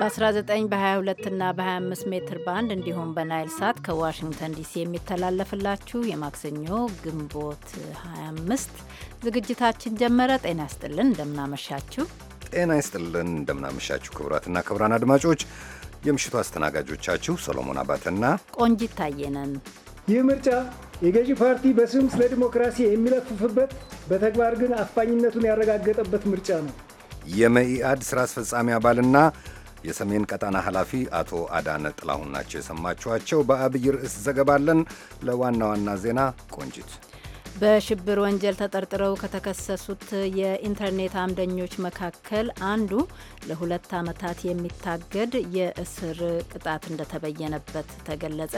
በ19 በ22 እና በ25 ሜትር ባንድ እንዲሁም በናይል ሳት ከዋሽንግተን ዲሲ የሚተላለፍላችሁ የማክሰኞ ግንቦት 25 ዝግጅታችን ጀመረ። ጤና ያስጥልን፣ እንደምናመሻችሁ። ጤና ይስጥልን፣ እንደምናመሻችሁ ክቡራትና ክቡራን አድማጮች የምሽቱ አስተናጋጆቻችሁ ሰሎሞን አባተና ቆንጂት ታየነን። ይህ ምርጫ የገዢ ፓርቲ በስም ስለ ዲሞክራሲ የሚለፍፍበት በተግባር ግን አፋኝነቱን ያረጋገጠበት ምርጫ ነው። የመኢአድ ስራ አስፈጻሚ አባልና የሰሜን ቀጣና ኃላፊ አቶ አዳነ ጥላሁን ናቸው የሰማችኋቸው። በአብይ ርዕስ ዘገባለን። ለዋና ዋና ዜና ቆንጂት። በሽብር ወንጀል ተጠርጥረው ከተከሰሱት የኢንተርኔት አምደኞች መካከል አንዱ ለሁለት ዓመታት የሚታገድ የእስር ቅጣት እንደተበየነበት ተገለጸ።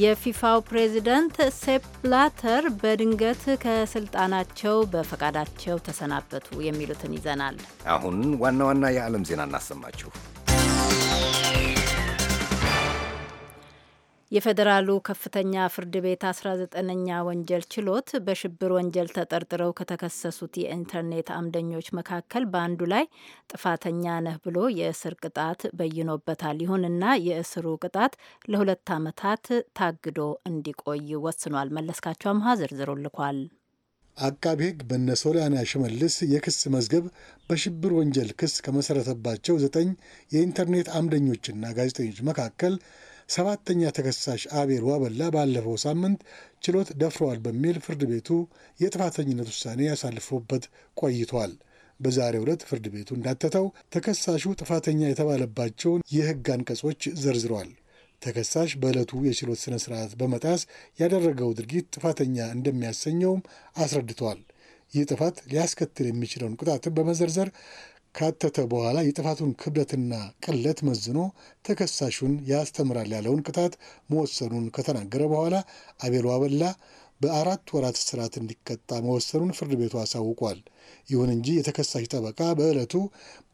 የፊፋው ፕሬዚደንት ሴፕ ብላተር በድንገት ከስልጣናቸው በፈቃዳቸው ተሰናበቱ የሚሉትን ይዘናል። አሁን ዋና ዋና የዓለም ዜና እናሰማችሁ። የፌዴራሉ ከፍተኛ ፍርድ ቤት 19ኛ ወንጀል ችሎት በሽብር ወንጀል ተጠርጥረው ከተከሰሱት የኢንተርኔት አምደኞች መካከል በአንዱ ላይ ጥፋተኛ ነህ ብሎ የእስር ቅጣት በይኖበታል። ይሁንና የእስሩ ቅጣት ለሁለት ዓመታት ታግዶ እንዲቆይ ወስኗል። መለስካቸው አምሃ ዝርዝሩ ልኳል። አቃቢ ሕግ በነ ሶሊያና ሽመልስ የክስ መዝገብ በሽብር ወንጀል ክስ ከመሠረተባቸው ዘጠኝ የኢንተርኔት አምደኞችና ጋዜጠኞች መካከል ሰባተኛ ተከሳሽ አቤል ዋበላ ባለፈው ሳምንት ችሎት ደፍረዋል በሚል ፍርድ ቤቱ የጥፋተኝነት ውሳኔ ያሳልፎበት ቆይቷል። በዛሬው ዕለት ፍርድ ቤቱ እንዳተተው ተከሳሹ ጥፋተኛ የተባለባቸውን የሕግ አንቀጾች ዘርዝሯል። ተከሳሽ በዕለቱ የችሎት ሥነ ሥርዓት በመጣስ ያደረገው ድርጊት ጥፋተኛ እንደሚያሰኘውም አስረድቷል። ይህ ጥፋት ሊያስከትል የሚችለውን ቅጣትን በመዘርዘር ካተተ በኋላ የጥፋቱን ክብደትና ቅለት መዝኖ ተከሳሹን ያስተምራል ያለውን ቅጣት መወሰኑን ከተናገረ በኋላ አቤሎ አበላ በአራት ወራት እስራት እንዲቀጣ መወሰኑን ፍርድ ቤቱ አሳውቋል። ይሁን እንጂ የተከሳሽ ጠበቃ በዕለቱ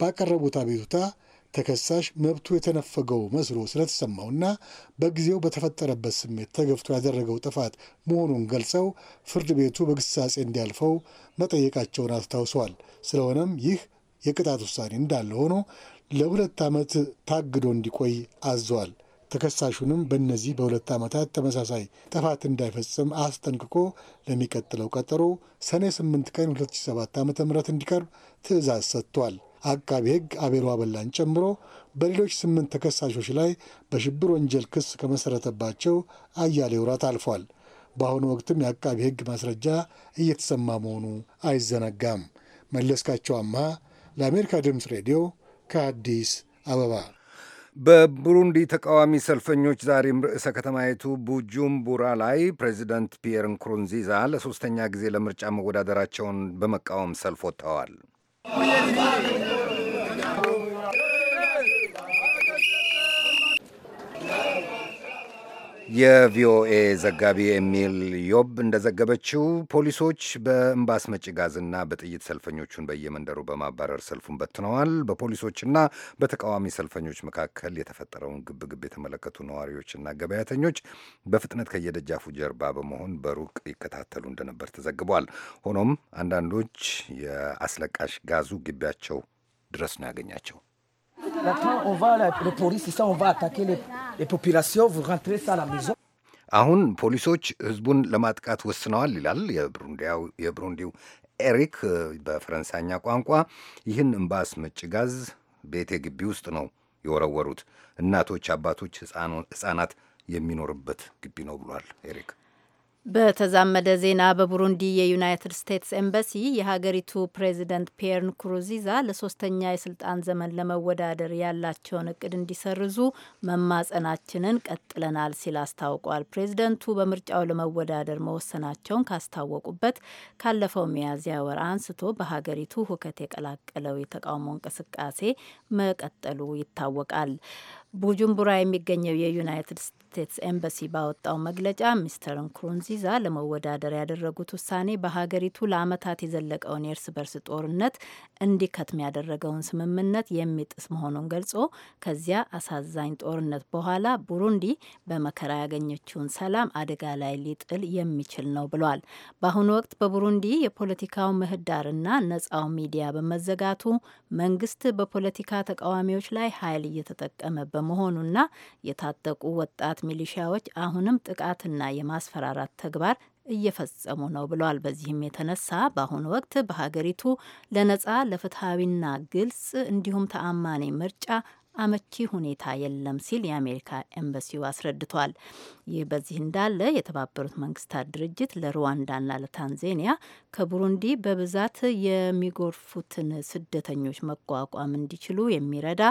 ባቀረቡት አቤቱታ ተከሳሽ መብቱ የተነፈገው መስሎ ስለተሰማውና በጊዜው በተፈጠረበት ስሜት ተገፍቶ ያደረገው ጥፋት መሆኑን ገልጸው ፍርድ ቤቱ በግሳጼ እንዲያልፈው መጠየቃቸውን አስታውሰዋል። ስለሆነም ይህ የቅጣት ውሳኔ እንዳለ ሆኖ ለሁለት ዓመት ታግዶ እንዲቆይ አዟል። ተከሳሹንም በእነዚህ በሁለት ዓመታት ተመሳሳይ ጥፋት እንዳይፈጽም አስጠንቅቆ ለሚቀጥለው ቀጠሮ ሰኔ 8 ቀን 2007 ዓ ም እንዲቀርብ ትዕዛዝ ሰጥቷል። አቃቢ ሕግ አቤሎ አበላን ጨምሮ በሌሎች ስምንት ተከሳሾች ላይ በሽብር ወንጀል ክስ ከመሠረተባቸው አያሌ ውራት አልፏል። በአሁኑ ወቅትም የአቃቢ ሕግ ማስረጃ እየተሰማ መሆኑ አይዘነጋም። መለስካቸው አምሃ ለአሜሪካ ድምፅ ሬዲዮ ከአዲስ አበባ። በቡሩንዲ ተቃዋሚ ሰልፈኞች ዛሬም ርዕሰ ከተማይቱ ቡጁምቡራ ላይ ፕሬዚደንት ፒየር ንኩሩንዚዛ ለሶስተኛ ጊዜ ለምርጫ መወዳደራቸውን በመቃወም ሰልፍ ወጥተዋል። የቪኦኤ ዘጋቢ ኤሚል ዮብ እንደዘገበችው ፖሊሶች በእምባ አስመጪ ጋዝና በጥይት ሰልፈኞቹን በየመንደሩ በማባረር ሰልፉን በትነዋል። በፖሊሶችና በተቃዋሚ ሰልፈኞች መካከል የተፈጠረውን ግብግብ የተመለከቱ ነዋሪዎችና ገበያተኞች በፍጥነት ከየደጃፉ ጀርባ በመሆን በሩቅ ይከታተሉ እንደነበር ተዘግቧል። ሆኖም አንዳንዶች የአስለቃሽ ጋዙ ግቢያቸው ድረስ ነው ያገኛቸው። Maintenant, on va, ça, on va attaquer les, les populations, vous rentrez ça à la maison. አሁን ፖሊሶች ህዝቡን ለማጥቃት ወስነዋል ይላል የብሩንዲው ኤሪክ በፈረንሳይኛ ቋንቋ። ይህን እምባ አስመጪ ጋዝ ቤቴ ግቢ ውስጥ ነው የወረወሩት። እናቶች፣ አባቶች፣ ህፃናት የሚኖርበት ግቢ ነው ብሏል ኤሪክ። በተዛመደ ዜና በቡሩንዲ የዩናይትድ ስቴትስ ኤምባሲ የሀገሪቱ ፕሬዚደንት ፒየር ንኩሩንዚዛ ለሶስተኛ የስልጣን ዘመን ለመወዳደር ያላቸውን እቅድ እንዲሰርዙ መማጸናችንን ቀጥለናል ሲል አስታውቋል። ፕሬዚደንቱ በምርጫው ለመወዳደር መወሰናቸውን ካስታወቁበት ካለፈው ሚያዝያ ወር አንስቶ በሀገሪቱ ሁከት የቀላቀለው የተቃውሞ እንቅስቃሴ መቀጠሉ ይታወቃል። ቡጁምቡራ የሚገኘው የዩናይትድ ስቴትስ ኤምባሲ ባወጣው መግለጫ ሚስተር ንኩሩንዚዛ ለመወዳደር ያደረጉት ውሳኔ በሀገሪቱ ለአመታት የዘለቀውን የእርስ በርስ ጦርነት እንዲከትም ያደረገውን ስምምነት የሚጥስ መሆኑን ገልጾ ከዚያ አሳዛኝ ጦርነት በኋላ ቡሩንዲ በመከራ ያገኘችውን ሰላም አደጋ ላይ ሊጥል የሚችል ነው ብሏል። በአሁኑ ወቅት በቡሩንዲ የፖለቲካው ምህዳርና ነጻው ሚዲያ በመዘጋቱ መንግስት በፖለቲካ ተቃዋሚዎች ላይ ኃይል እየተጠቀመ በመሆኑና የታጠቁ ወጣት ሚሊሺያዎች አሁንም ጥቃትና የማስፈራራት ተግባር እየፈጸሙ ነው ብለዋል። በዚህም የተነሳ በአሁኑ ወቅት በሀገሪቱ ለነጻ ለፍትሐዊና ግልጽ እንዲሁም ተአማኒ ምርጫ አመቺ ሁኔታ የለም ሲል የአሜሪካ ኤምባሲው አስረድቷል። ይህ በዚህ እንዳለ የተባበሩት መንግስታት ድርጅት ለሩዋንዳና ለታንዜኒያ ከቡሩንዲ በብዛት የሚጎርፉትን ስደተኞች መቋቋም እንዲችሉ የሚረዳ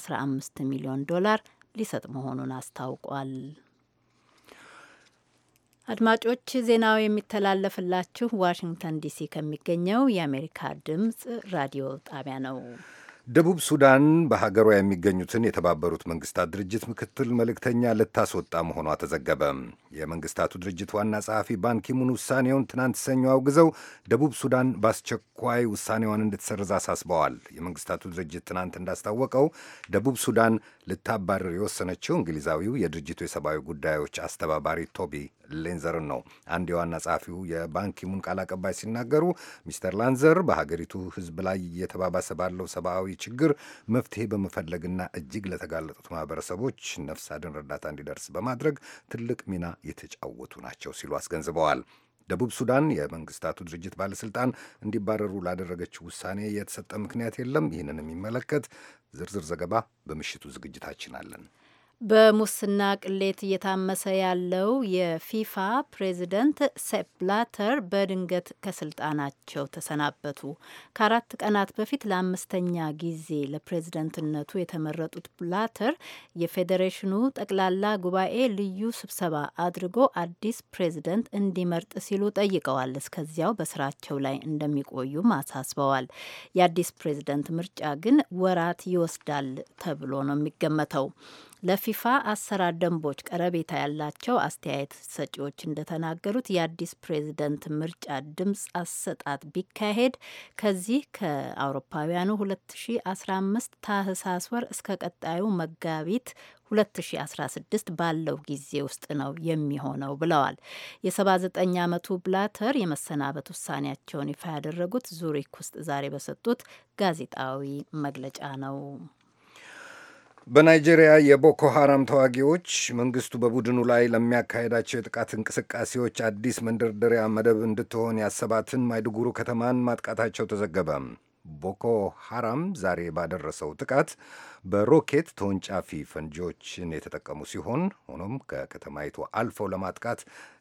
15 ሚሊዮን ዶላር ሊሰጥ መሆኑን አስታውቋል። አድማጮች ዜናው የሚተላለፍላችሁ ዋሽንግተን ዲሲ ከሚገኘው የአሜሪካ ድምጽ ራዲዮ ጣቢያ ነው። ደቡብ ሱዳን በሀገሯ የሚገኙትን የተባበሩት መንግስታት ድርጅት ምክትል መልእክተኛ ልታስወጣ መሆኗ ተዘገበ። የመንግስታቱ ድርጅት ዋና ጸሐፊ ባንኪሙን ውሳኔውን ትናንት ሰኞ አውግዘው ደቡብ ሱዳን በአስቸኳይ ውሳኔዋን እንድትሰርዝ አሳስበዋል። የመንግስታቱ ድርጅት ትናንት እንዳስታወቀው ደቡብ ሱዳን ልታባረር የወሰነችው እንግሊዛዊው የድርጅቱ የሰብአዊ ጉዳዮች አስተባባሪ ቶቢ ሌንዘርን ነው። አንድ የዋና ጸሐፊው የባንኪሙን ቃል አቀባይ ሲናገሩ ሚስተር ላንዘር በሀገሪቱ ሕዝብ ላይ እየተባባሰ ባለው ሰብአዊ ችግር መፍትሄ በመፈለግና እጅግ ለተጋለጡት ማህበረሰቦች ነፍስ አድን እርዳታ እንዲደርስ በማድረግ ትልቅ ሚና የተጫወቱ ናቸው ሲሉ አስገንዝበዋል። ደቡብ ሱዳን የመንግስታቱ ድርጅት ባለስልጣን እንዲባረሩ ላደረገችው ውሳኔ የተሰጠ ምክንያት የለም። ይህንን የሚመለከት ዝርዝር ዘገባ በምሽቱ ዝግጅታችን አለን። በሙስና ቅሌት እየታመሰ ያለው የፊፋ ፕሬዚደንት ሴፕ ብላተር በድንገት ከስልጣናቸው ተሰናበቱ። ከአራት ቀናት በፊት ለአምስተኛ ጊዜ ለፕሬዝደንትነቱ የተመረጡት ብላተር የፌዴሬሽኑ ጠቅላላ ጉባኤ ልዩ ስብሰባ አድርጎ አዲስ ፕሬዝደንት እንዲመርጥ ሲሉ ጠይቀዋል። እስከዚያው በስራቸው ላይ እንደሚቆዩም አሳስበዋል። የአዲስ ፕሬዝደንት ምርጫ ግን ወራት ይወስዳል ተብሎ ነው የሚገመተው። ለፊፋ አሰራር ደንቦች ቀረቤታ ያላቸው አስተያየት ሰጪዎች እንደተናገሩት የአዲስ ፕሬዝደንት ምርጫ ድምፅ አሰጣጥ ቢካሄድ ከዚህ ከአውሮፓውያኑ 2015 ታህሳስ ወር እስከ ቀጣዩ መጋቢት 2016 ባለው ጊዜ ውስጥ ነው የሚሆነው ብለዋል። የ79 ዓመቱ ብላተር የመሰናበት ውሳኔያቸውን ይፋ ያደረጉት ዙሪክ ውስጥ ዛሬ በሰጡት ጋዜጣዊ መግለጫ ነው። በናይጄሪያ የቦኮ ሐራም ተዋጊዎች መንግስቱ በቡድኑ ላይ ለሚያካሄዳቸው የጥቃት እንቅስቃሴዎች አዲስ መንደርደሪያ መደብ እንድትሆን ያሰባትን ማይድጉሩ ከተማን ማጥቃታቸው ተዘገበ። ቦኮ ሐራም ዛሬ ባደረሰው ጥቃት በሮኬት ተወንጫፊ ፈንጂዎችን የተጠቀሙ ሲሆን ሆኖም ከከተማይቱ አልፈው ለማጥቃት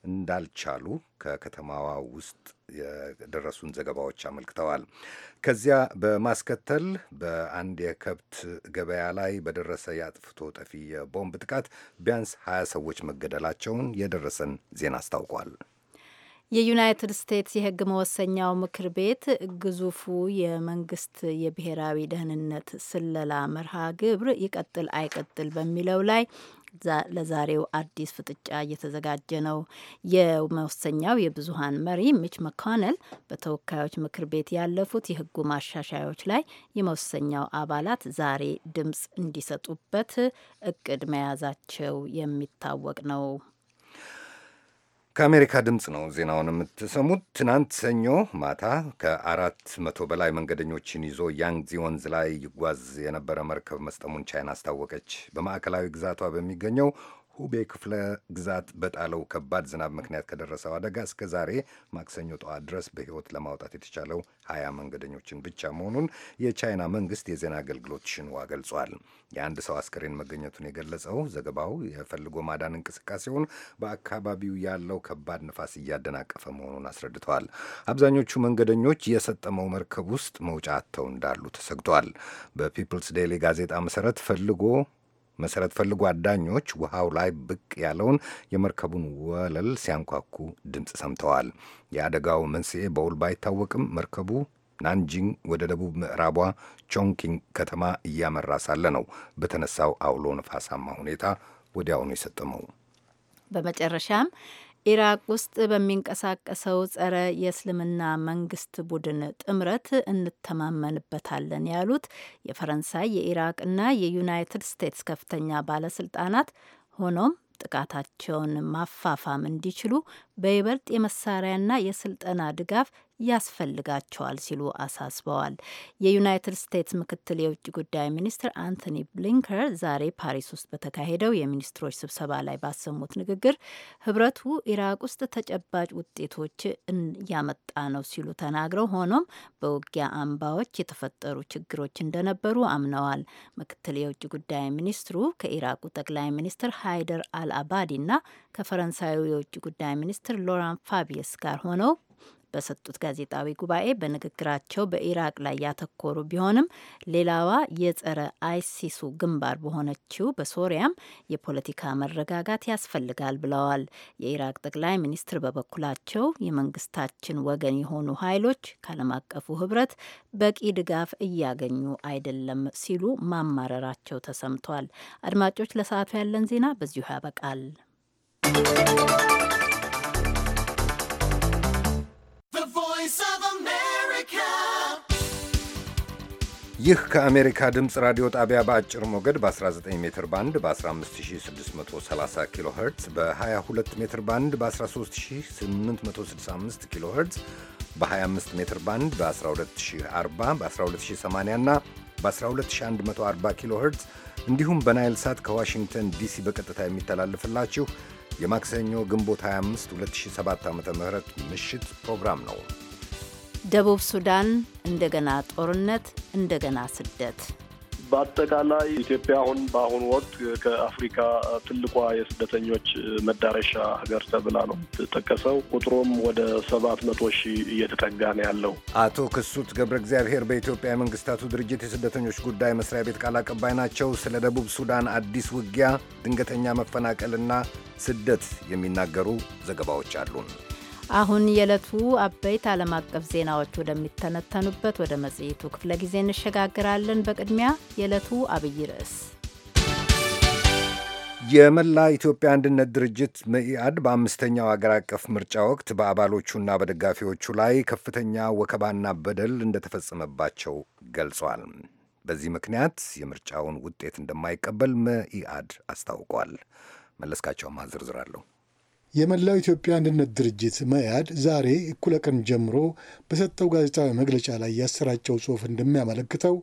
እንዳልቻሉ ከከተማዋ ውስጥ የደረሱን ዘገባዎች አመልክተዋል። ከዚያ በማስከተል በአንድ የከብት ገበያ ላይ በደረሰ የአጥፍቶ ጠፊ የቦምብ ጥቃት ቢያንስ 20 ሰዎች መገደላቸውን የደረሰን ዜና አስታውቋል። የዩናይትድ ስቴትስ የሕግ መወሰኛው ምክር ቤት ግዙፉ የመንግስት የብሔራዊ ደህንነት ስለላ መርሃ ግብር ይቀጥል አይቀጥል በሚለው ላይ ለዛሬው አዲስ ፍጥጫ እየተዘጋጀ ነው። የመወሰኛው የብዙሀን መሪ ሚች መኮነል በተወካዮች ምክር ቤት ያለፉት የህጉ ማሻሻያዎች ላይ የመወሰኛው አባላት ዛሬ ድምፅ እንዲሰጡበት እቅድ መያዛቸው የሚታወቅ ነው። ከአሜሪካ ድምፅ ነው ዜናውን የምትሰሙት። ትናንት ሰኞ ማታ ከአራት መቶ በላይ መንገደኞችን ይዞ ያንግዚ ወንዝ ላይ ይጓዝ የነበረ መርከብ መስጠሙን ቻይና አስታወቀች። በማዕከላዊ ግዛቷ በሚገኘው ሁቤ ክፍለ ግዛት በጣለው ከባድ ዝናብ ምክንያት ከደረሰው አደጋ እስከ ዛሬ ማክሰኞ ጠዋት ድረስ በሕይወት ለማውጣት የተቻለው ሀያ መንገደኞችን ብቻ መሆኑን የቻይና መንግስት የዜና አገልግሎት ሽንዋ ገልጿል። የአንድ ሰው አስከሬን መገኘቱን የገለጸው ዘገባው የፈልጎ ማዳን እንቅስቃሴውን በአካባቢው ያለው ከባድ ንፋስ እያደናቀፈ መሆኑን አስረድተዋል። አብዛኞቹ መንገደኞች የሰጠመው መርከብ ውስጥ መውጫ አጥተው እንዳሉ ተሰግቷል። በፒፕልስ ዴይሊ ጋዜጣ መሰረት ፈልጎ መሰረት ፈልጉ አዳኞች ውሃው ላይ ብቅ ያለውን የመርከቡን ወለል ሲያንኳኩ ድምፅ ሰምተዋል። የአደጋው መንስኤ በውል ባይታወቅም መርከቡ ናንጂንግ ወደ ደቡብ ምዕራቧ ቾንኪንግ ከተማ እያመራ ሳለ ነው በተነሳው አውሎ ነፋሳማ ሁኔታ ወዲያውኑ የሰጠመው። በመጨረሻም ኢራቅ ውስጥ በሚንቀሳቀሰው ጸረ የእስልምና መንግስት ቡድን ጥምረት እንተማመንበታለን ያሉት የፈረንሳይ የኢራቅና የዩናይትድ ስቴትስ ከፍተኛ ባለስልጣናት ሆኖም ጥቃታቸውን ማፋፋም እንዲችሉ በይበልጥ የመሳሪያና የስልጠና ድጋፍ ያስፈልጋቸዋል ሲሉ አሳስበዋል። የዩናይትድ ስቴትስ ምክትል የውጭ ጉዳይ ሚኒስትር አንቶኒ ብሊንከር ዛሬ ፓሪስ ውስጥ በተካሄደው የሚኒስትሮች ስብሰባ ላይ ባሰሙት ንግግር ህብረቱ ኢራቅ ውስጥ ተጨባጭ ውጤቶች እያመጣ ነው ሲሉ ተናግረው፣ ሆኖም በውጊያ አምባዎች የተፈጠሩ ችግሮች እንደነበሩ አምነዋል። ምክትል የውጭ ጉዳይ ሚኒስትሩ ከኢራቁ ጠቅላይ ሚኒስትር ሃይደር አልአባዲና ከፈረንሳዩ የውጭ ጉዳይ ሚኒስትር ሎራን ፋቢየስ ጋር ሆነው በሰጡት ጋዜጣዊ ጉባኤ በንግግራቸው በኢራቅ ላይ ያተኮሩ ቢሆንም ሌላዋ የጸረ አይሲሱ ግንባር በሆነችው በሶሪያም የፖለቲካ መረጋጋት ያስፈልጋል ብለዋል። የኢራቅ ጠቅላይ ሚኒስትር በበኩላቸው የመንግስታችን ወገን የሆኑ ኃይሎች ከዓለም አቀፉ ሕብረት በቂ ድጋፍ እያገኙ አይደለም ሲሉ ማማረራቸው ተሰምቷል። አድማጮች፣ ለሰዓቱ ያለን ዜና በዚሁ ያበቃል። ይህ ከአሜሪካ ድምፅ ራዲዮ ጣቢያ በአጭር ሞገድ በ19 ሜትር ባንድ በ15630 ኪሎ ኸርትዝ በ22 ሜትር ባንድ በ13865 ኪሎ ኸርትዝ በ25 ሜትር ባንድ በ12040 በ12080 እና በ12140 ኪሎ ኸርትዝ እንዲሁም በናይል ሳት ከዋሽንግተን ዲሲ በቀጥታ የሚተላልፍላችሁ የማክሰኞ ግንቦት 25 2007 ዓ ም ምሽት ፕሮግራም ነው። ደቡብ ሱዳን እንደገና ጦርነት፣ እንደገና ስደት በአጠቃላይ ኢትዮጵያ አሁን በአሁኑ ወቅት ከአፍሪካ ትልቋ የስደተኞች መዳረሻ ሀገር ተብላ ነው የምትጠቀሰው። ቁጥሩም ወደ ሰባት መቶ ሺህ እየተጠጋ ነው ያለው። አቶ ክሱት ገብረ እግዚአብሔር በኢትዮጵያ የመንግስታቱ ድርጅት የስደተኞች ጉዳይ መስሪያ ቤት ቃል አቀባይ ናቸው። ስለ ደቡብ ሱዳን አዲስ ውጊያ፣ ድንገተኛ መፈናቀልና ስደት የሚናገሩ ዘገባዎች አሉን። አሁን የዕለቱ አበይት ዓለም አቀፍ ዜናዎች ወደሚተነተኑበት ወደ መጽሔቱ ክፍለ ጊዜ እንሸጋግራለን። በቅድሚያ የዕለቱ አብይ ርዕስ የመላ ኢትዮጵያ አንድነት ድርጅት መኢአድ በአምስተኛው አገር አቀፍ ምርጫ ወቅት በአባሎቹና በደጋፊዎቹ ላይ ከፍተኛ ወከባና በደል እንደተፈጸመባቸው ገልጿል። በዚህ ምክንያት የምርጫውን ውጤት እንደማይቀበል መኢአድ አስታውቋል። መለስካቸውማ ዝርዝር አለሁ የመላው ኢትዮጵያ አንድነት ድርጅት መያድ ዛሬ እኩለ ቀን ጀምሮ በሰጠው ጋዜጣዊ መግለጫ ላይ ያሰራጨው ጽሑፍ እንደሚያመለክተው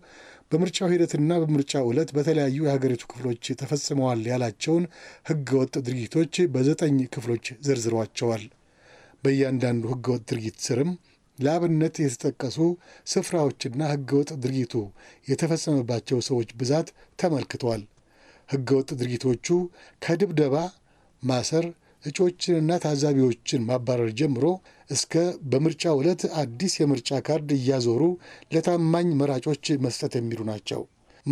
በምርጫው ሂደትና በምርጫው ዕለት በተለያዩ የሀገሪቱ ክፍሎች ተፈጽመዋል ያላቸውን ህገወጥ ድርጊቶች በዘጠኝ ክፍሎች ዘርዝሯቸዋል። በእያንዳንዱ ህገወጥ ድርጊት ስርም ለአብነት የተጠቀሱ ስፍራዎችና ህገወጥ ድርጊቱ የተፈጸመባቸው ሰዎች ብዛት ተመልክተዋል። ህገወጥ ድርጊቶቹ ከድብደባ፣ ማሰር እጩዎችንና ታዛቢዎችን ማባረር ጀምሮ እስከ በምርጫ ዕለት አዲስ የምርጫ ካርድ እያዞሩ ለታማኝ መራጮች መስጠት የሚሉ ናቸው።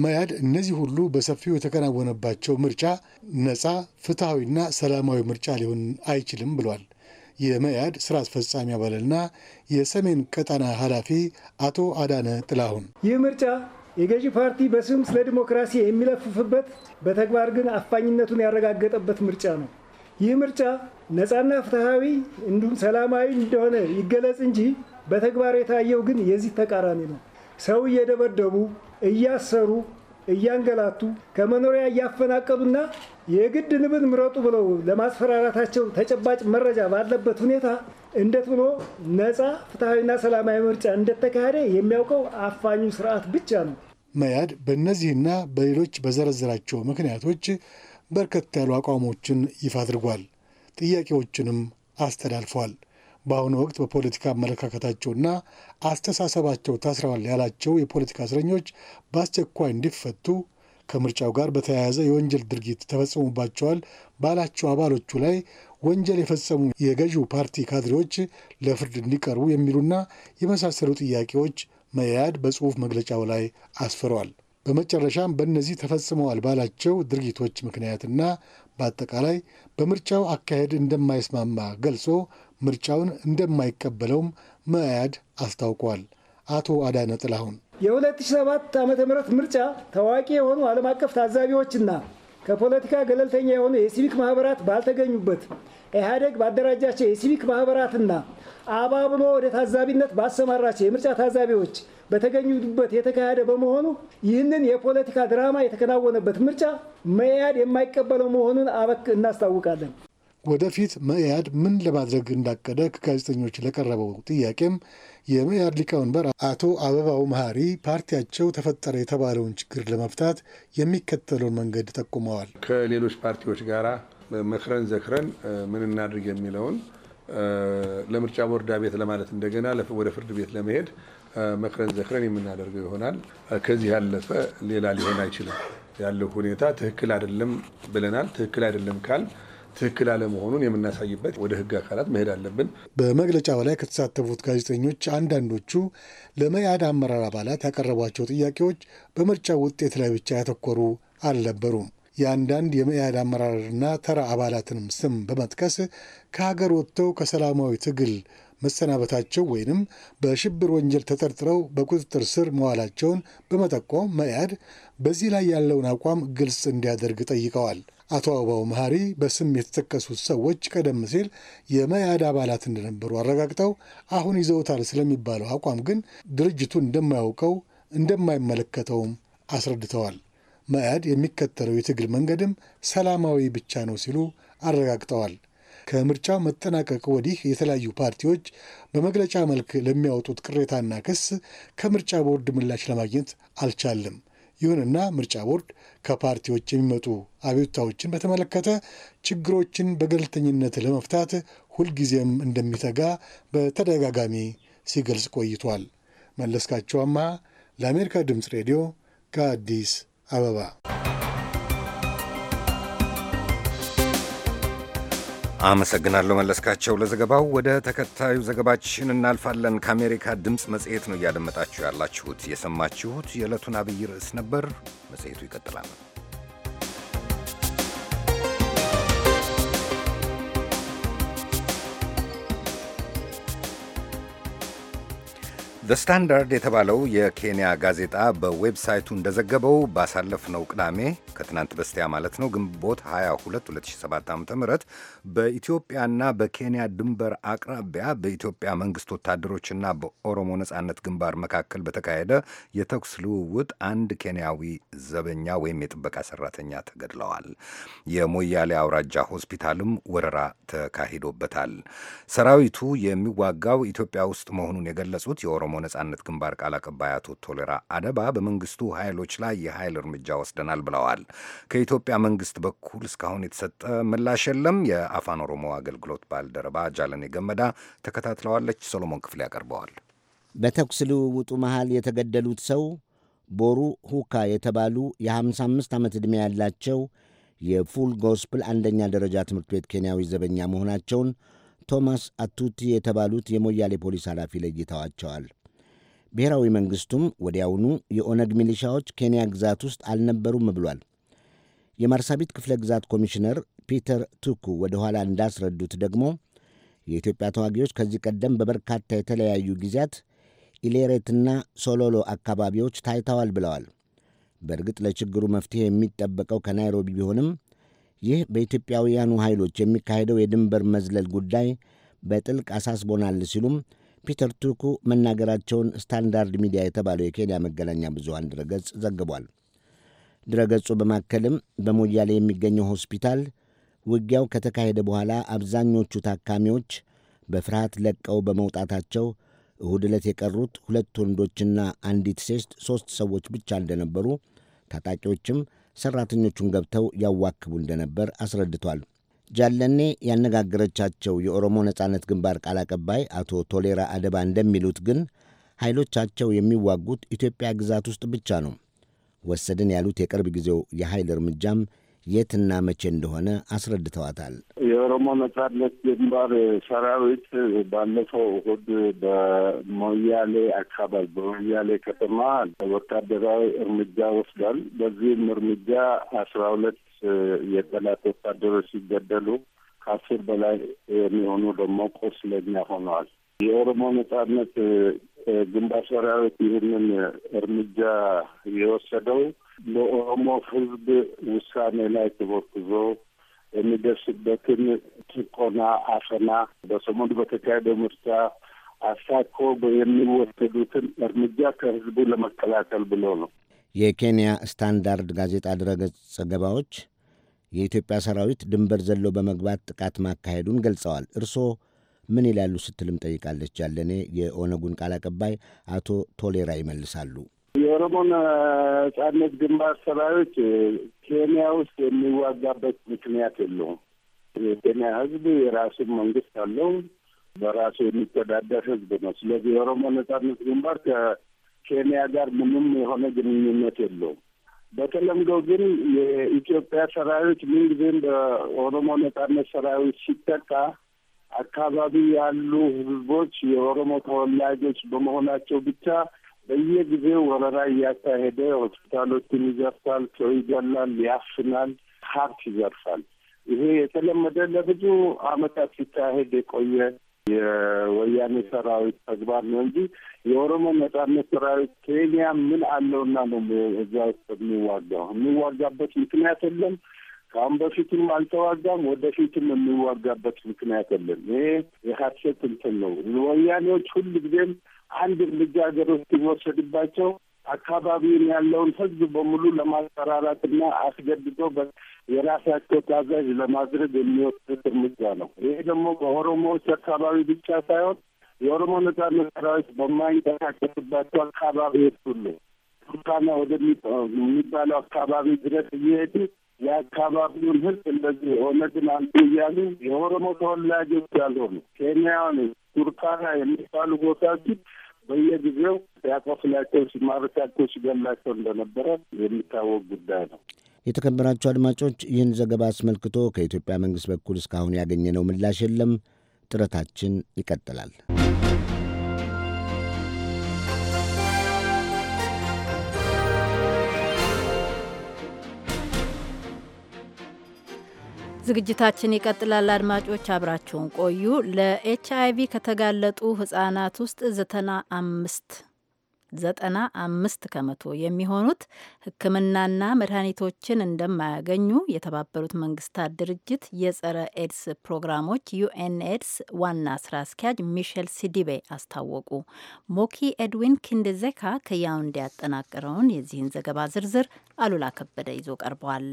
መያድ እነዚህ ሁሉ በሰፊው የተከናወነባቸው ምርጫ ነፃ ፍትሐዊና ሰላማዊ ምርጫ ሊሆን አይችልም ብሏል። የመያድ ስራ አስፈጻሚ አባልና የሰሜን ቀጠና ኃላፊ አቶ አዳነ ጥላሁን ይህ ምርጫ የገዢ ፓርቲ በስም ስለ ዲሞክራሲ የሚለፍፍበት በተግባር ግን አፋኝነቱን ያረጋገጠበት ምርጫ ነው። ይህ ምርጫ ነፃና ፍትሐዊ እንዲሁም ሰላማዊ እንደሆነ ይገለጽ እንጂ በተግባር የታየው ግን የዚህ ተቃራኒ ነው። ሰው እየደበደቡ እያሰሩ እያንገላቱ ከመኖሪያ እያፈናቀሉና የግድ ንብን ምረጡ ብለው ለማስፈራራታቸው ተጨባጭ መረጃ ባለበት ሁኔታ እንዴት ብሎ ነፃ ፍትሐዊና ሰላማዊ ምርጫ እንደተካሄደ የሚያውቀው አፋኙ ስርዓት ብቻ ነው። መያድ በእነዚህና በሌሎች በዘረዘራቸው ምክንያቶች በርከት ያሉ አቋሞችን ይፋ አድርጓል። ጥያቄዎችንም አስተላልፏል። በአሁኑ ወቅት በፖለቲካ አመለካከታቸውና አስተሳሰባቸው ታስረዋል ያላቸው የፖለቲካ እስረኞች በአስቸኳይ እንዲፈቱ ከምርጫው ጋር በተያያዘ የወንጀል ድርጊት ተፈጽሞባቸዋል ባላቸው አባሎቹ ላይ ወንጀል የፈጸሙ የገዢው ፓርቲ ካድሬዎች ለፍርድ እንዲቀርቡ የሚሉና የመሳሰሉ ጥያቄዎች መያድ በጽሑፍ መግለጫው ላይ አስፍሯል። በመጨረሻም በእነዚህ ተፈጽመዋል ባላቸው ድርጊቶች ምክንያትና በአጠቃላይ በምርጫው አካሄድ እንደማይስማማ ገልጾ ምርጫውን እንደማይቀበለውም መያድ አስታውቋል። አቶ አዳነ ጥላሁን የ2007 ዓ.ም ምርጫ ታዋቂ የሆኑ ዓለም አቀፍ ታዛቢዎችና ከፖለቲካ ገለልተኛ የሆኑ የሲቪክ ማህበራት ባልተገኙበት ኢህአደግ ባደራጃቸው የሲቪክ ማህበራትና አባብሎ ወደ ታዛቢነት ባሰማራቸው የምርጫ ታዛቢዎች በተገኙበት የተካሄደ በመሆኑ ይህንን የፖለቲካ ድራማ የተከናወነበት ምርጫ መያድ የማይቀበለው መሆኑን አበክ እናስታውቃለን። ወደፊት መኢአድ ምን ለማድረግ እንዳቀደ ከጋዜጠኞች ለቀረበው ጥያቄም የመኢአድ ሊቀመንበር አቶ አበባው መሀሪ ፓርቲያቸው ተፈጠረ የተባለውን ችግር ለመፍታት የሚከተለውን መንገድ ጠቁመዋል። ከሌሎች ፓርቲዎች ጋራ መክረን ዘክረን ምን እናድርግ የሚለውን ለምርጫ ቦርድ ቤት ለማለት እንደገና ወደ ፍርድ ቤት ለመሄድ መክረን ዘክረን የምናደርገው ይሆናል። ከዚህ ያለፈ ሌላ ሊሆን አይችልም። ያለው ሁኔታ ትክክል አይደለም ብለናል። ትክክል አይደለም ካል ትክክል አለመሆኑን የምናሳይበት ወደ ህግ አካላት መሄድ አለብን። በመግለጫው ላይ ከተሳተፉት ጋዜጠኞች አንዳንዶቹ ለመያድ አመራር አባላት ያቀረቧቸው ጥያቄዎች በምርጫ ውጤት ላይ ብቻ ያተኮሩ አልነበሩም። የአንዳንድ የመያድ አመራርና ተራ አባላትንም ስም በመጥቀስ ከሀገር ወጥተው ከሰላማዊ ትግል መሰናበታቸው ወይንም በሽብር ወንጀል ተጠርጥረው በቁጥጥር ስር መዋላቸውን በመጠቆም መያድ በዚህ ላይ ያለውን አቋም ግልጽ እንዲያደርግ ጠይቀዋል። አቶ አበባው መሀሪ በስም የተጠቀሱት ሰዎች ቀደም ሲል የመያድ አባላት እንደነበሩ አረጋግጠው አሁን ይዘውታል ስለሚባለው አቋም ግን ድርጅቱ እንደማያውቀው እንደማይመለከተውም አስረድተዋል። መያድ የሚከተለው የትግል መንገድም ሰላማዊ ብቻ ነው ሲሉ አረጋግጠዋል። ከምርጫው መጠናቀቅ ወዲህ የተለያዩ ፓርቲዎች በመግለጫ መልክ ለሚያወጡት ቅሬታና ክስ ከምርጫ ቦርድ ምላሽ ለማግኘት አልቻለም። ይሁንና ምርጫ ቦርድ ከፓርቲዎች የሚመጡ አቤቱታዎችን በተመለከተ ችግሮችን በገለልተኝነት ለመፍታት ሁልጊዜም እንደሚተጋ በተደጋጋሚ ሲገልጽ ቆይቷል። መለስካቸው አማሃ ለአሜሪካ ድምፅ ሬዲዮ ከአዲስ አበባ አመሰግናለሁ መለስካቸው ለዘገባው። ወደ ተከታዩ ዘገባችን እናልፋለን። ከአሜሪካ ድምፅ መጽሔት ነው እያደመጣችሁ ያላችሁት። የሰማችሁት የዕለቱን አብይ ርዕስ ነበር። መጽሔቱ ይቀጥላል። ዘ ስታንዳርድ የተባለው የኬንያ ጋዜጣ በዌብሳይቱ እንደዘገበው ባሳለፍነው ቅዳሜ ከትናንት በስቲያ ማለት ነው ግንቦት 22 2007 ዓ ም በኢትዮጵያና በኬንያ ድንበር አቅራቢያ በኢትዮጵያ መንግስት ወታደሮችና በኦሮሞ ነጻነት ግንባር መካከል በተካሄደ የተኩስ ልውውጥ አንድ ኬንያዊ ዘበኛ ወይም የጥበቃ ሰራተኛ ተገድለዋል። የሞያሌ አውራጃ ሆስፒታልም ወረራ ተካሂዶበታል። ሰራዊቱ የሚዋጋው ኢትዮጵያ ውስጥ መሆኑን የገለጹት የኦሮሞ የኦሮሞ ነጻነት ግንባር ቃል አቀባይ አቶ ቶሌራ አደባ በመንግስቱ ኃይሎች ላይ የኃይል እርምጃ ወስደናል ብለዋል። ከኢትዮጵያ መንግስት በኩል እስካሁን የተሰጠ ምላሽ የለም። የአፋን ኦሮሞ አገልግሎት ባልደረባ ጃለኔ ገመዳ ተከታትለዋለች። ሰሎሞን ክፍሌ ያቀርበዋል። በተኩስ ልውውጡ መሃል የተገደሉት ሰው ቦሩ ሁካ የተባሉ የ55 ዓመት ዕድሜ ያላቸው የፉል ጎስፕል አንደኛ ደረጃ ትምህርት ቤት ኬንያዊ ዘበኛ መሆናቸውን ቶማስ አቱቲ የተባሉት የሞያሌ ፖሊስ ኃላፊ ለይተዋቸዋል። ብሔራዊ መንግሥቱም ወዲያውኑ የኦነግ ሚሊሻዎች ኬንያ ግዛት ውስጥ አልነበሩም ብሏል። የማርሳቢት ክፍለ ግዛት ኮሚሽነር ፒተር ቱኩ ወደ ኋላ እንዳስረዱት ደግሞ የኢትዮጵያ ተዋጊዎች ከዚህ ቀደም በበርካታ የተለያዩ ጊዜያት ኢሌሬትና ሶሎሎ አካባቢዎች ታይተዋል ብለዋል። በእርግጥ ለችግሩ መፍትሄ የሚጠበቀው ከናይሮቢ ቢሆንም ይህ በኢትዮጵያውያኑ ኃይሎች የሚካሄደው የድንበር መዝለል ጉዳይ በጥልቅ አሳስቦናል ሲሉም ፒተር ቱኩ መናገራቸውን ስታንዳርድ ሚዲያ የተባለው የኬንያ መገናኛ ብዙሃን ድረገጽ ዘግቧል። ድረገጹ በማከልም በሞያሌ የሚገኘው ሆስፒታል ውጊያው ከተካሄደ በኋላ አብዛኞቹ ታካሚዎች በፍርሃት ለቀው በመውጣታቸው እሁድ ዕለት የቀሩት ሁለት ወንዶችና አንዲት ሴት ሦስት ሰዎች ብቻ እንደነበሩ ታጣቂዎችም ሠራተኞቹን ገብተው ያዋክቡ እንደነበር አስረድቷል። ጃለኔ ያነጋገረቻቸው የኦሮሞ ነጻነት ግንባር ቃል አቀባይ አቶ ቶሌራ አደባ እንደሚሉት ግን ኃይሎቻቸው የሚዋጉት ኢትዮጵያ ግዛት ውስጥ ብቻ ነው። ወሰድን ያሉት የቅርብ ጊዜው የኃይል እርምጃም የትና መቼ እንደሆነ አስረድተዋታል። የኦሮሞ ነጻነት ግንባር ሰራዊት ባለፈው እሁድ በሞያሌ አካባቢ በሞያሌ ከተማ ወታደራዊ እርምጃ ወስዷል። በዚህም እርምጃ አስራ ሁለት የጠላት ወታደሮች ሲገደሉ ከአስር በላይ የሚሆኑ ደግሞ ቁስለኛ ሆነዋል። የኦሮሞ ነጻነት ግንባር ሰራዊት ይህንን እርምጃ የወሰደው በኦሮሞ ህዝብ ውሳኔ ላይ ተመርኩዞ የሚደርስበትን ጭቆና፣ አፈና በሰሞኑ በተካሄደ ምርጫ አሳኮ የሚወሰዱትን እርምጃ ከህዝቡ ለመከላከል ብሎ ነው። የኬንያ ስታንዳርድ ጋዜጣ ድረገጽ ዘገባዎች የኢትዮጵያ ሰራዊት ድንበር ዘሎ በመግባት ጥቃት ማካሄዱን ገልጸዋል። እርስዎ ምን ይላሉ ስትልም ጠይቃለች። ያለኔ የኦነጉን ቃል አቀባይ አቶ ቶሌራ ይመልሳሉ። የኦሮሞን ነጻነት ግንባር ሰራዊት ኬንያ ውስጥ የሚዋጋበት ምክንያት የለውም። የኬንያ ህዝብ የራሱን መንግስት አለው፣ በራሱ የሚተዳደር ህዝብ ነው። ስለዚህ የኦሮሞ ነጻነት ግንባር ከኬንያ ጋር ምንም የሆነ ግንኙነት የለውም። በተለምዶ ግን የኢትዮጵያ ሰራዊት ምንጊዜም በኦሮሞ ነጻነት ሰራዊት ሲጠቃ አካባቢ ያሉ ህዝቦች የኦሮሞ ተወላጆች በመሆናቸው ብቻ በየጊዜው ወረራ እያካሄደ ሆስፒታሎችን ይዘርፋል፣ ሰው ይገላል፣ ያፍናል፣ ሀብት ይዘርፋል። ይሄ የተለመደ ለብዙ አመታት ሲካሄድ የቆየ የወያኔ ሰራዊት ተግባር ነው እንጂ የኦሮሞ ነጻነት ሰራዊት ኬንያ ምን አለውና ነው እዛ ውስጥ የሚዋጋው? የሚዋጋበት ምክንያት የለም። ከአሁን በፊትም አልተዋጋም፣ ወደፊትም የሚዋጋበት ምክንያት የለም። ይሄ የሀሰት እንትን ነው። ወያኔዎች ጊዜም አንድ እርምጃ ሀገሮች ሲወሰድባቸው አካባቢውን ያለውን ህዝብ በሙሉ ለማስፈራራትና አስገድዶ የራሳቸው ታዛዥ ለማድረግ የሚወስዱት እርምጃ ነው። ይሄ ደግሞ በኦሮሞዎች አካባቢ ብቻ ሳይሆን የኦሮሞ ነጻነት ሰራዊት በማይንቀሳቀስባቸው አካባቢዎች ሁሉ ቱርካና ወደሚባለው አካባቢ ድረስ እየሄዱ የአካባቢውን ህዝብ እንደዚህ ኦነግን አንዱ እያሉ የኦሮሞ ተወላጆች ያልሆኑ ኬንያን ቱርካና የሚባሉ ግን በየጊዜው ሲያቆስላቸው፣ ሲማርካቸው፣ ሲገላቸው እንደነበረ የሚታወቅ ጉዳይ ነው። የተከበራቸው አድማጮች ይህን ዘገባ አስመልክቶ ከኢትዮጵያ መንግሥት በኩል እስካሁን ያገኘነው ምላሽ የለም። ጥረታችን ይቀጥላል። ዝግጅታችን ይቀጥላል። አድማጮች አብራችሁን ቆዩ። ለኤች አይቪ ከተጋለጡ ህጻናት ውስጥ ዘጠና አምስት ዘጠና አምስት ከመቶ የሚሆኑት ሕክምናና መድኃኒቶችን እንደማያገኙ የተባበሩት መንግስታት ድርጅት የጸረ ኤድስ ፕሮግራሞች ዩኤን ኤድስ ዋና ስራ አስኪያጅ ሚሼል ሲዲቤ አስታወቁ። ሞኪ ኤድዊን ኪንድዜካ ከያውንድ ያጠናቀረውን የዚህን ዘገባ ዝርዝር አሉላ ከበደ ይዞ ቀርበዋል።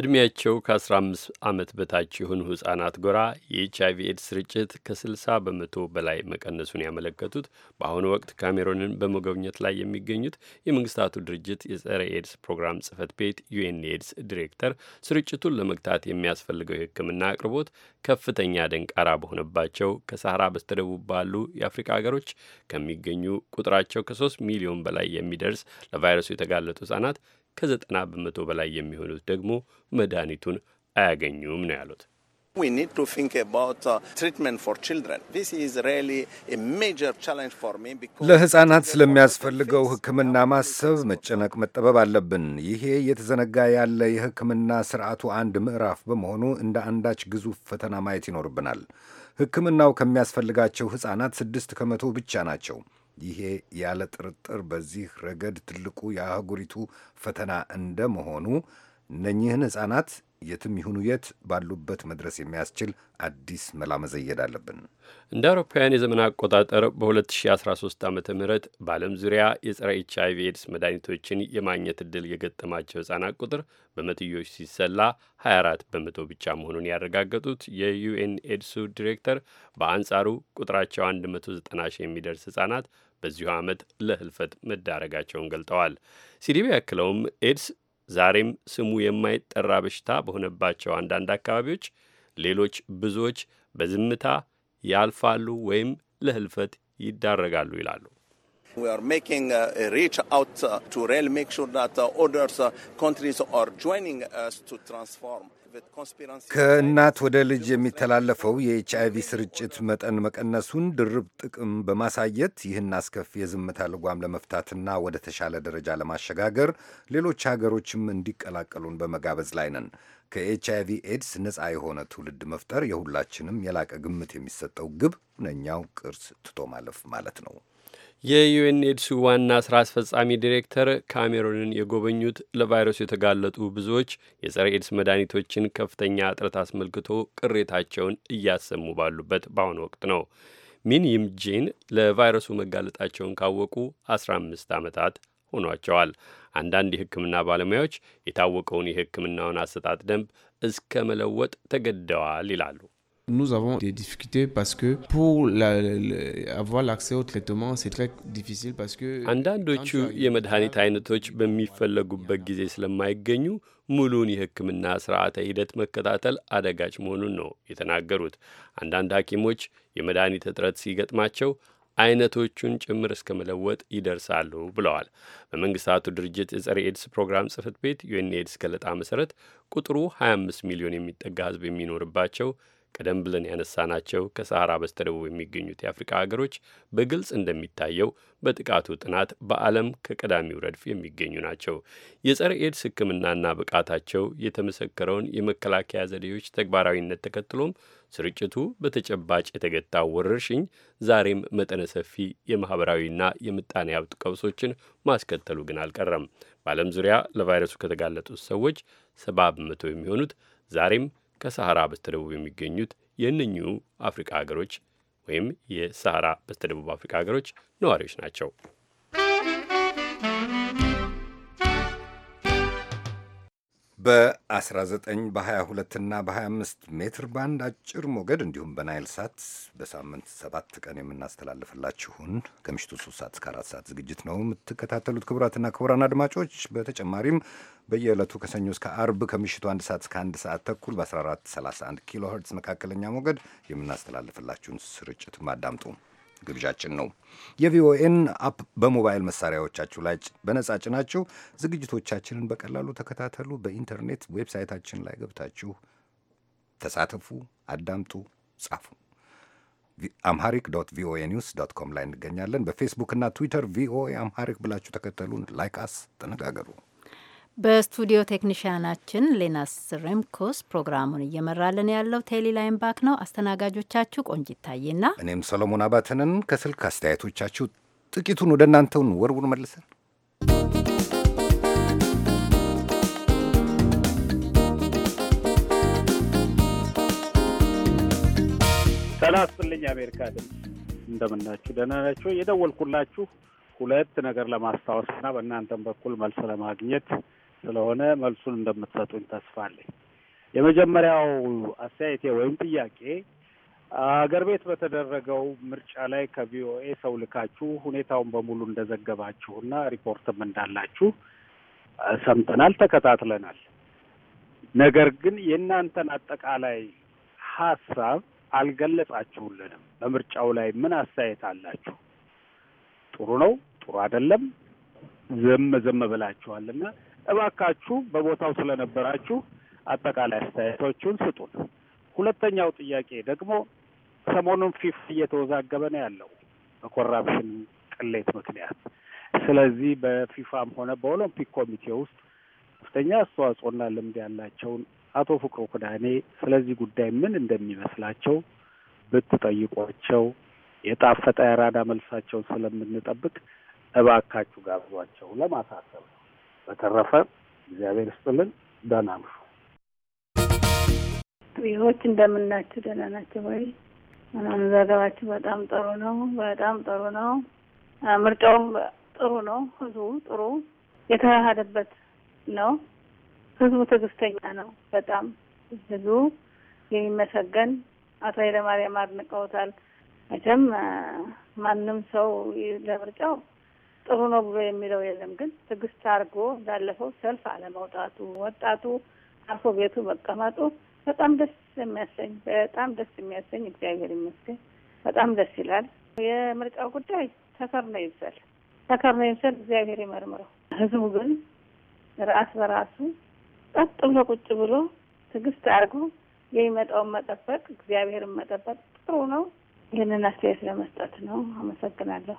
ዕድሜያቸው ከ15 ዓመት በታች የሆኑ ሕፃናት ጎራ የኤች አይቪ ኤድስ ስርጭት ከ60 በመቶ በላይ መቀነሱን ያመለከቱት በአሁኑ ወቅት ካሜሮንን በመጎብኘት ላይ የሚገኙት የመንግስታቱ ድርጅት የጸረ ኤድስ ፕሮግራም ጽህፈት ቤት ዩኤን ኤድስ ዲሬክተር ስርጭቱን ለመግታት የሚያስፈልገው የሕክምና አቅርቦት ከፍተኛ ደንቃራ በሆነባቸው ከሳህራ በስተደቡብ ባሉ የአፍሪካ ሀገሮች ከሚገኙ ቁጥራቸው ከ3 ሚሊዮን በላይ የሚደርስ ለቫይረሱ የተጋለጡ ሕፃናት ከዘጠና በመቶ በላይ የሚሆኑት ደግሞ መድኃኒቱን አያገኙም ነው ያሉት። uh, ለሕፃናት ስለሚያስፈልገው ሕክምና ማሰብ፣ መጨነቅ፣ መጠበብ አለብን። ይሄ እየተዘነጋ ያለ የሕክምና ስርዓቱ አንድ ምዕራፍ በመሆኑ እንደ አንዳች ግዙፍ ፈተና ማየት ይኖርብናል። ሕክምናው ከሚያስፈልጋቸው ሕፃናት ስድስት ከመቶ ብቻ ናቸው። ይሄ ያለ ጥርጥር በዚህ ረገድ ትልቁ የአህጉሪቱ ፈተና እንደመሆኑ እነኚህን ሕፃናት የትም ይሁኑ የት ባሉበት መድረስ የሚያስችል አዲስ መላ መዘየድ አለብን። እንደ አውሮፓውያን የዘመን አቆጣጠር በ2013 ዓ ም በዓለም ዙሪያ የጸረ ኤች አይቪ ኤድስ መድኃኒቶችን የማግኘት ዕድል የገጠማቸው ሕፃናት ቁጥር በመትዮች ሲሰላ 24 በመቶ ብቻ መሆኑን ያረጋገጡት የዩኤን ኤድሱ ዲሬክተር በአንጻሩ ቁጥራቸው 190 ሺህ የሚደርስ ሕፃናት በዚሁ ዓመት ለህልፈት መዳረጋቸውን ገልጠዋል። ሲዲቢ ያክለውም ኤድስ ዛሬም ስሙ የማይጠራ በሽታ በሆነባቸው አንዳንድ አካባቢዎች ሌሎች ብዙዎች በዝምታ ያልፋሉ ወይም ለህልፈት ይዳረጋሉ ይላሉ። ከእናት ወደ ልጅ የሚተላለፈው የኤች አይቪ ስርጭት መጠን መቀነሱን ድርብ ጥቅም በማሳየት ይህን አስከፊ የዝምታ ልጓም ለመፍታትና ወደ ተሻለ ደረጃ ለማሸጋገር ሌሎች ሀገሮችም እንዲቀላቀሉን በመጋበዝ ላይ ነን። ከኤች አይቪ ኤድስ ነፃ የሆነ ትውልድ መፍጠር የሁላችንም የላቀ ግምት የሚሰጠው ግብ ሁነኛው ቅርስ ትቶ ማለፍ ማለት ነው። የዩኤንኤድሱ ዋና ስራ አስፈጻሚ ዲሬክተር ካሜሮንን የጎበኙት ለቫይረሱ የተጋለጡ ብዙዎች የጸረ ኤድስ መድኃኒቶችን ከፍተኛ እጥረት አስመልክቶ ቅሬታቸውን እያሰሙ ባሉበት በአሁኑ ወቅት ነው። ሚን ይምጄን ለቫይረሱ መጋለጣቸውን ካወቁ 15 ዓመታት ሆኗቸዋል። አንዳንድ የሕክምና ባለሙያዎች የታወቀውን የሕክምናውን አሰጣጥ ደንብ እስከ መለወጥ ተገደዋል ይላሉ። Nous avons des difficultés parce que pour la, la, avoir l'accès au traitement, c'est très difficile parce que አንዳንዶቹ የመድኃኒት አይነቶች በሚፈለጉበት ጊዜ ስለማይገኙ ሙሉን የሕክምና ስርዓተ ሂደት መከታተል አደጋጭ መሆኑን ነው የተናገሩት። አንዳንድ ሐኪሞች የመድኃኒት እጥረት ሲገጥማቸው አይነቶቹን ጭምር እስከ መለወጥ ይደርሳሉ ብለዋል። በመንግስታቱ ድርጅት የጸረ ኤድስ ፕሮግራም ጽህፈት ቤት ዩኤንኤድስ ገለጣ መሠረት ቁጥሩ 25 ሚሊዮን የሚጠጋ ህዝብ የሚኖርባቸው ቀደም ብለን ያነሳናቸው ከሰሐራ በስተደቡብ የሚገኙት የአፍሪካ ሀገሮች በግልጽ እንደሚታየው በጥቃቱ ጥናት በዓለም ከቀዳሚው ረድፍ የሚገኙ ናቸው። የጸረ ኤድስ ሕክምናና ብቃታቸው የተመሰከረውን የመከላከያ ዘዴዎች ተግባራዊነት ተከትሎም ስርጭቱ በተጨባጭ የተገታ ወረርሽኝ ዛሬም መጠነ ሰፊ የማኅበራዊና የምጣኔ ሀብት ቀውሶችን ማስከተሉ ግን አልቀረም። በዓለም ዙሪያ ለቫይረሱ ከተጋለጡት ሰዎች ሰባ በመቶ የሚሆኑት ዛሬም ከሰሐራ በስተደቡብ የሚገኙት የእነኚሁ አፍሪካ ሀገሮች ወይም የሰሐራ በስተደቡብ አፍሪካ ሀገሮች ነዋሪዎች ናቸው። በ19 በ22 እና በ25 ሜትር ባንድ አጭር ሞገድ እንዲሁም በናይል ሳት በሳምንት ሰባት ቀን የምናስተላልፍላችሁን ከምሽቱ 3 ሰዓት እስከ 4 ሰዓት ዝግጅት ነው የምትከታተሉት ክቡራትና ክቡራን አድማጮች። በተጨማሪም በየዕለቱ ከሰኞ እስከ አርብ ከምሽቱ 1 ሰዓት እስከ 1 ሰዓት ተኩል በ1431 ኪሎ ሄርትስ መካከለኛ ሞገድ የምናስተላልፍላችሁን ስርጭት አዳምጡ። ግብዣችን ነው። የቪኦኤን አፕ በሞባይል መሳሪያዎቻችሁ ላይ በነጻ ጭናችሁ ዝግጅቶቻችንን በቀላሉ ተከታተሉ። በኢንተርኔት ዌብሳይታችን ላይ ገብታችሁ ተሳተፉ፣ አዳምጡ፣ ጻፉ። አምሃሪክ ዶት ቪኦኤ ኒውስ ዶት ኮም ላይ እንገኛለን። በፌስቡክ እና ትዊተር ቪኦኤ አምሃሪክ ብላችሁ ተከተሉን፣ ላይክ አስ፣ ተነጋገሩ። በስቱዲዮ ቴክኒሽያናችን ሌናስ ሬምኮስ ፕሮግራሙን እየመራልን ያለው ቴሌላይም ባክ ነው። አስተናጋጆቻችሁ ቆንጅ ይታይና እኔም ሰሎሞን አባተንን ከስልክ አስተያየቶቻችሁ ጥቂቱን ወደ እናንተውን ወርውር መልሰን ሰላም አሜሪካ ድምፅ እንደምናችሁ ደህና የደወልኩላችሁ ሁለት ነገር ለማስታወስና በእናንተም በኩል መልስ ለማግኘት ስለሆነ መልሱን እንደምትሰጡኝ ተስፋ አለኝ። የመጀመሪያው አስተያየቴ ወይም ጥያቄ አገር ቤት በተደረገው ምርጫ ላይ ከቪኦኤ ሰው ልካችሁ ሁኔታውን በሙሉ እንደዘገባችሁ እና ሪፖርትም እንዳላችሁ ሰምተናል፣ ተከታትለናል። ነገር ግን የእናንተን አጠቃላይ ሀሳብ አልገለጻችሁልንም። በምርጫው ላይ ምን አስተያየት አላችሁ? ጥሩ ነው፣ ጥሩ አይደለም፣ ዝም ዝም ብላችኋልና እባካችሁ በቦታው ስለነበራችሁ አጠቃላይ አስተያየቶቹን ስጡን። ሁለተኛው ጥያቄ ደግሞ ሰሞኑን ፊፍ እየተወዛገበ ነው ያለው በኮራፕሽን ቅሌት ምክንያት። ስለዚህ በፊፋም ሆነ በኦሎምፒክ ኮሚቴ ውስጥ ከፍተኛ አስተዋጽኦና ልምድ ያላቸውን አቶ ፍቅሩ ክዳኔ ስለዚህ ጉዳይ ምን እንደሚመስላቸው ብትጠይቋቸው የጣፈጠ የራዳ መልሳቸውን ስለምንጠብቅ እባካችሁ ጋብዟቸው ለማሳሰብ በተረፈ እግዚአብሔር ይስጥልን። ደህና ነው። ይዎች እንደምናችሁ ደህና ናቸው ወይ? ምናምን ዘገባችሁ በጣም ጥሩ ነው። በጣም ጥሩ ነው። ምርጫውም ጥሩ ነው። ህዝቡ ጥሩ የተዋሃደበት ነው። ህዝቡ ትዕግስተኛ ነው። በጣም ህዝቡ የሚመሰገን አቶ ኃይለማርያም አድንቀውታል። መቼም ማንም ሰው ለምርጫው ጥሩ ነው ብሎ የሚለው የለም። ግን ትዕግስት አድርጎ እንዳለፈው ሰልፍ አለመውጣቱ፣ ወጣቱ አርፎ ቤቱ መቀመጡ በጣም ደስ የሚያሰኝ በጣም ደስ የሚያሰኝ እግዚአብሔር ይመስገን በጣም ደስ ይላል። የምርጫው ጉዳይ ተከር ነው ይብሰል፣ ተከር ነው ይብሰል፣ እግዚአብሔር ይመርምረው። ህዝቡ ግን ራስ በራሱ ቀጥ ብሎ ቁጭ ብሎ ትዕግስት አድርጎ የሚመጣውን መጠበቅ፣ እግዚአብሔርን መጠበቅ ጥሩ ነው። ይህንን አስተያየት ለመስጠት ነው። አመሰግናለሁ።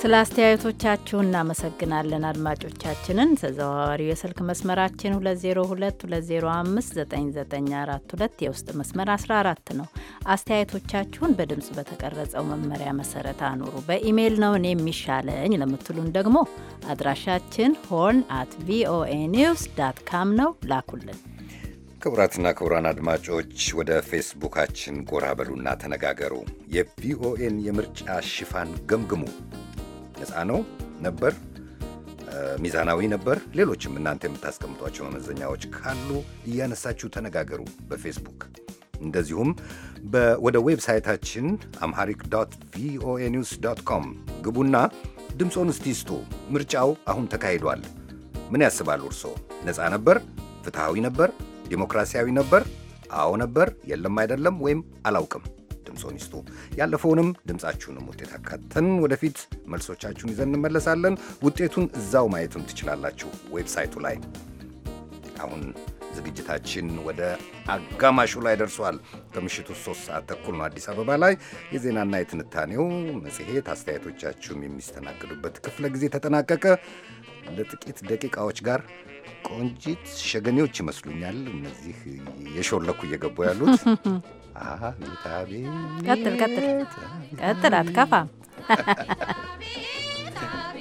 ስለ አስተያየቶቻችሁ እናመሰግናለን። አድማጮቻችንን ተዘዋዋሪው የስልክ መስመራችን 2022059942 የውስጥ መስመር 14 ነው። አስተያየቶቻችሁን በድምፅ በተቀረጸው መመሪያ መሰረት አኑሩ። በኢሜይል ነው እኔ የሚሻለኝ ለምትሉን ደግሞ አድራሻችን ሆርን አት ቪኦኤ ኒውስ ዳት ካም ነው። ላኩልን። ክቡራትና ክቡራን አድማጮች ወደ ፌስቡካችን ጎራ በሉና ተነጋገሩ። የቪኦኤን የምርጫ ሽፋን ገምግሙ። ነፃ ነው ነበር፣ ሚዛናዊ ነበር። ሌሎችም እናንተ የምታስቀምጧቸው መመዘኛዎች ካሉ እያነሳችሁ ተነጋገሩ በፌስቡክ እንደዚሁም ወደ ዌብሳይታችን አምሃሪክ ዶት ቪኦኤ ኒውስ ዶት ኮም ግቡና ድምፆን እስቲ ስጡ። ምርጫው አሁን ተካሂዷል። ምን ያስባሉ እርስዎ? ነፃ ነበር? ፍትሐዊ ነበር? ዲሞክራሲያዊ ነበር? አዎ ነበር፣ የለም፣ አይደለም ወይም አላውቅም ሳምሶን ይስጡ። ያለፈውንም ድምፃችሁንም ውጤት አካተን ወደፊት መልሶቻችሁን ይዘን እንመለሳለን። ውጤቱን እዛው ማየትም ትችላላችሁ ዌብሳይቱ ላይ። አሁን ዝግጅታችን ወደ አጋማሹ ላይ ደርሷል። ከምሽቱ ሶስት ሰዓት ተኩል ነው አዲስ አበባ ላይ። የዜናና የትንታኔው መጽሔት አስተያየቶቻችሁም የሚስተናግዱበት ክፍለ ጊዜ ተጠናቀቀ። ለጥቂት ደቂቃዎች ጋር ቆንጂት ሸገኔዎች ይመስሉኛል እነዚህ የሾለኩ እየገቡ ያሉት ቀጥል ቀጥል ቀጥል፣ አትከፋም።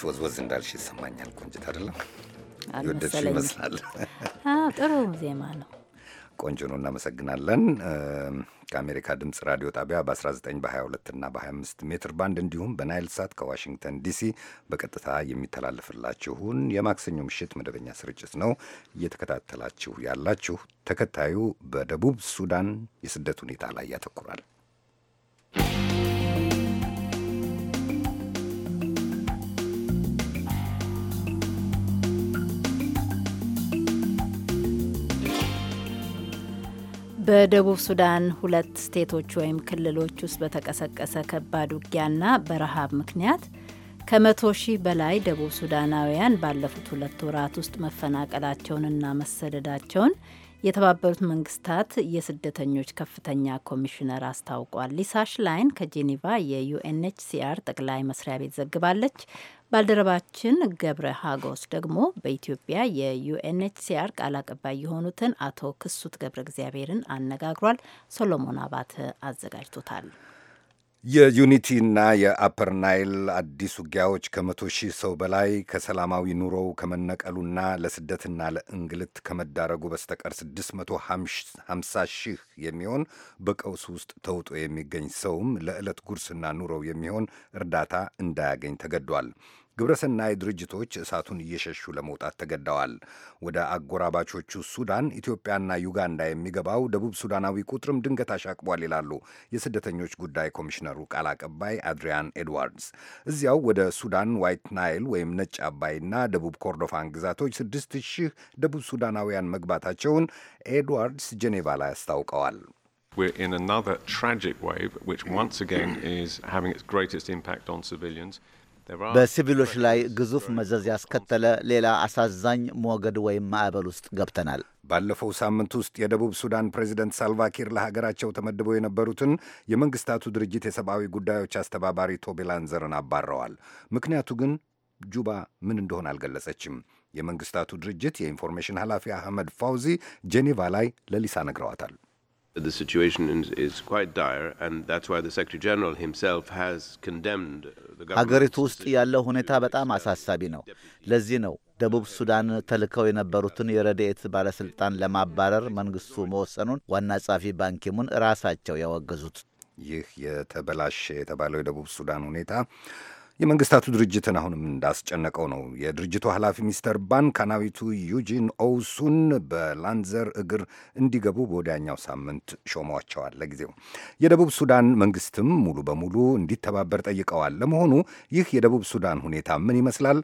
ትንሽ ወዝወዝ እንዳልሽ ይሰማኛል። ቆንጅት አይደለም የወደድሽ ይመስላል። ጥሩ ዜማ ነው። ቆንጆ ነው። እናመሰግናለን። ከአሜሪካ ድምፅ ራዲዮ ጣቢያ በ19 በ22 እና በ25 ሜትር ባንድ እንዲሁም በናይል ሳት ከዋሽንግተን ዲሲ በቀጥታ የሚተላለፍላችሁን የማክሰኞ ምሽት መደበኛ ስርጭት ነው እየተከታተላችሁ ያላችሁ። ተከታዩ በደቡብ ሱዳን የስደት ሁኔታ ላይ ያተኩራል። በደቡብ ሱዳን ሁለት ስቴቶች ወይም ክልሎች ውስጥ በተቀሰቀሰ ከባድ ውጊያና በረሃብ ምክንያት ከመቶ ሺህ በላይ ደቡብ ሱዳናውያን ባለፉት ሁለት ወራት ውስጥ መፈናቀላቸውንና መሰደዳቸውን የተባበሩት መንግስታት የስደተኞች ከፍተኛ ኮሚሽነር አስታውቋል። ሊሳ ሽላይን ከጄኔቫ የዩኤንኤችሲአር ጠቅላይ መስሪያ ቤት ዘግባለች። ባልደረባችን ገብረ ሀጎስ ደግሞ በኢትዮጵያ የዩኤንኤችሲአር ቃል አቀባይ የሆኑትን አቶ ክሱት ገብረ እግዚአብሔርን አነጋግሯል። ሶሎሞን አባተ አዘጋጅቶታል። የዩኒቲና የአፐር ናይል አዲስ ውጊያዎች ከመቶ ሺህ ሰው በላይ ከሰላማዊ ኑሮው ከመነቀሉና ለስደትና ለእንግልት ከመዳረጉ በስተቀር 650 ሺህ የሚሆን በቀውስ ውስጥ ተውጦ የሚገኝ ሰውም ለዕለት ጉርስና ኑሮው የሚሆን እርዳታ እንዳያገኝ ተገዷል። ግብረሰናይ ድርጅቶች እሳቱን እየሸሹ ለመውጣት ተገደዋል። ወደ አጎራባቾቹ ሱዳን፣ ኢትዮጵያና ዩጋንዳ የሚገባው ደቡብ ሱዳናዊ ቁጥርም ድንገት አሻቅቧል ይላሉ የስደተኞች ጉዳይ ኮሚሽነሩ ቃል አቀባይ አድሪያን ኤድዋርድስ። እዚያው ወደ ሱዳን ዋይት ናይል ወይም ነጭ አባይና ደቡብ ኮርዶፋን ግዛቶች ስድስት ሺህ ደቡብ ሱዳናውያን መግባታቸውን ኤድዋርድስ ጄኔቫ ላይ አስታውቀዋል። We're in another tragic wave, which once again is having its greatest impact on civilians. በሲቪሎች ላይ ግዙፍ መዘዝ ያስከተለ ሌላ አሳዛኝ ሞገድ ወይም ማዕበል ውስጥ ገብተናል። ባለፈው ሳምንት ውስጥ የደቡብ ሱዳን ፕሬዚደንት ሳልቫኪር ለሀገራቸው ተመድበው የነበሩትን የመንግስታቱ ድርጅት የሰብአዊ ጉዳዮች አስተባባሪ ቶቢላንዘርን አባረዋል። ምክንያቱ ግን ጁባ ምን እንደሆነ አልገለጸችም። የመንግስታቱ ድርጅት የኢንፎርሜሽን ኃላፊ አህመድ ፋውዚ ጄኔቫ ላይ ለሊሳ ነግረዋታል። the situation is quite dire and that's why the Secretary General himself has condemned the government. አገሪቱ ውስጥ ያለው ሁኔታ በጣም አሳሳቢ ነው። ለዚህ ነው ደቡብ ሱዳን ተልከው የነበሩትን የረድኤት ባለስልጣን ለማባረር መንግስቱ መወሰኑን ዋና ጸሐፊ ባንኪሙን ራሳቸው ያወገዙት። ይህ የተበላሸ የተባለው የደቡብ ሱዳን ሁኔታ የመንግስታቱ ድርጅትን አሁንም እንዳስጨነቀው ነው። የድርጅቱ ኃላፊ ሚስተር ባን ካናዊቱ ዩጂን ኦውሱን በላንዘር እግር እንዲገቡ በወዲያኛው ሳምንት ሾመዋቸዋል። ለጊዜው የደቡብ ሱዳን መንግስትም ሙሉ በሙሉ እንዲተባበር ጠይቀዋል። ለመሆኑ ይህ የደቡብ ሱዳን ሁኔታ ምን ይመስላል?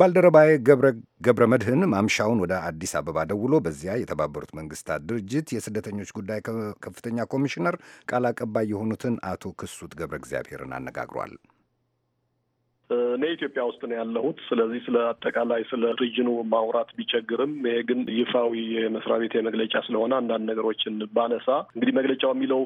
ባልደረባዬ ገብረ መድህን ማምሻውን ወደ አዲስ አበባ ደውሎ በዚያ የተባበሩት መንግስታት ድርጅት የስደተኞች ጉዳይ ከፍተኛ ኮሚሽነር ቃል አቀባይ የሆኑትን አቶ ክሱት ገብረ እግዚአብሔርን አነጋግሯል። እኔ ኢትዮጵያ ውስጥ ነው ያለሁት። ስለዚህ ስለ አጠቃላይ ስለ ሪጅኑ ማውራት ቢቸግርም ይሄ ግን ይፋዊ የመስሪያ ቤት መግለጫ ስለሆነ አንዳንድ ነገሮችን ባነሳ እንግዲህ መግለጫው የሚለው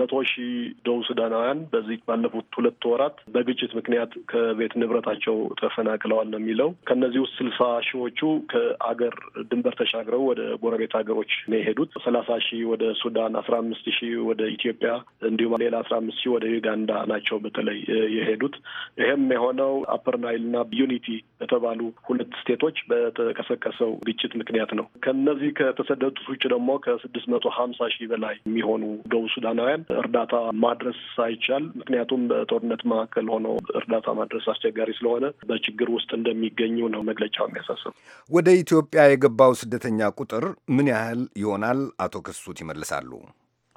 መቶ ሺህ ደቡብ ሱዳናውያን በዚህ ባለፉት ሁለት ወራት በግጭት ምክንያት ከቤት ንብረታቸው ተፈናቅለዋል ነው የሚለው። ከእነዚህ ውስጥ ስልሳ ሺዎቹ ከአገር ድንበር ተሻግረው ወደ ጎረቤት ሀገሮች ነው የሄዱት። ሰላሳ ሺህ ወደ ሱዳን፣ አስራ አምስት ሺህ ወደ ኢትዮጵያ እንዲሁም ሌላ አስራ አምስት ሺህ ወደ ዩጋንዳ ናቸው በተለይ የሄዱት ይህም የሆነው ሁለተኛው አፐር ናይል እና ዩኒቲ በተባሉ ሁለት ስቴቶች በተቀሰቀሰው ግጭት ምክንያት ነው። ከነዚህ ከተሰደዱት ውጭ ደግሞ ከስድስት መቶ ሀምሳ ሺህ በላይ የሚሆኑ ደቡብ ሱዳናውያን እርዳታ ማድረስ ሳይቻል ምክንያቱም በጦርነት መካከል ሆነው እርዳታ ማድረስ አስቸጋሪ ስለሆነ በችግር ውስጥ እንደሚገኙ ነው መግለጫው የሚያሳስብ። ወደ ኢትዮጵያ የገባው ስደተኛ ቁጥር ምን ያህል ይሆናል? አቶ ክሱት ይመልሳሉ።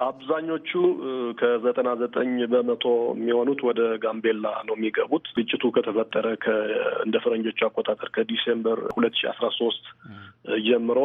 አብዛኞቹ ከዘጠና ዘጠኝ በመቶ የሚሆኑት ወደ ጋምቤላ ነው የሚገቡት። ግጭቱ ከተፈጠረ እንደ ፈረንጆቹ አቆጣጠር ከዲሴምበር ሁለት ሺ አስራ ሶስት ጀምሮ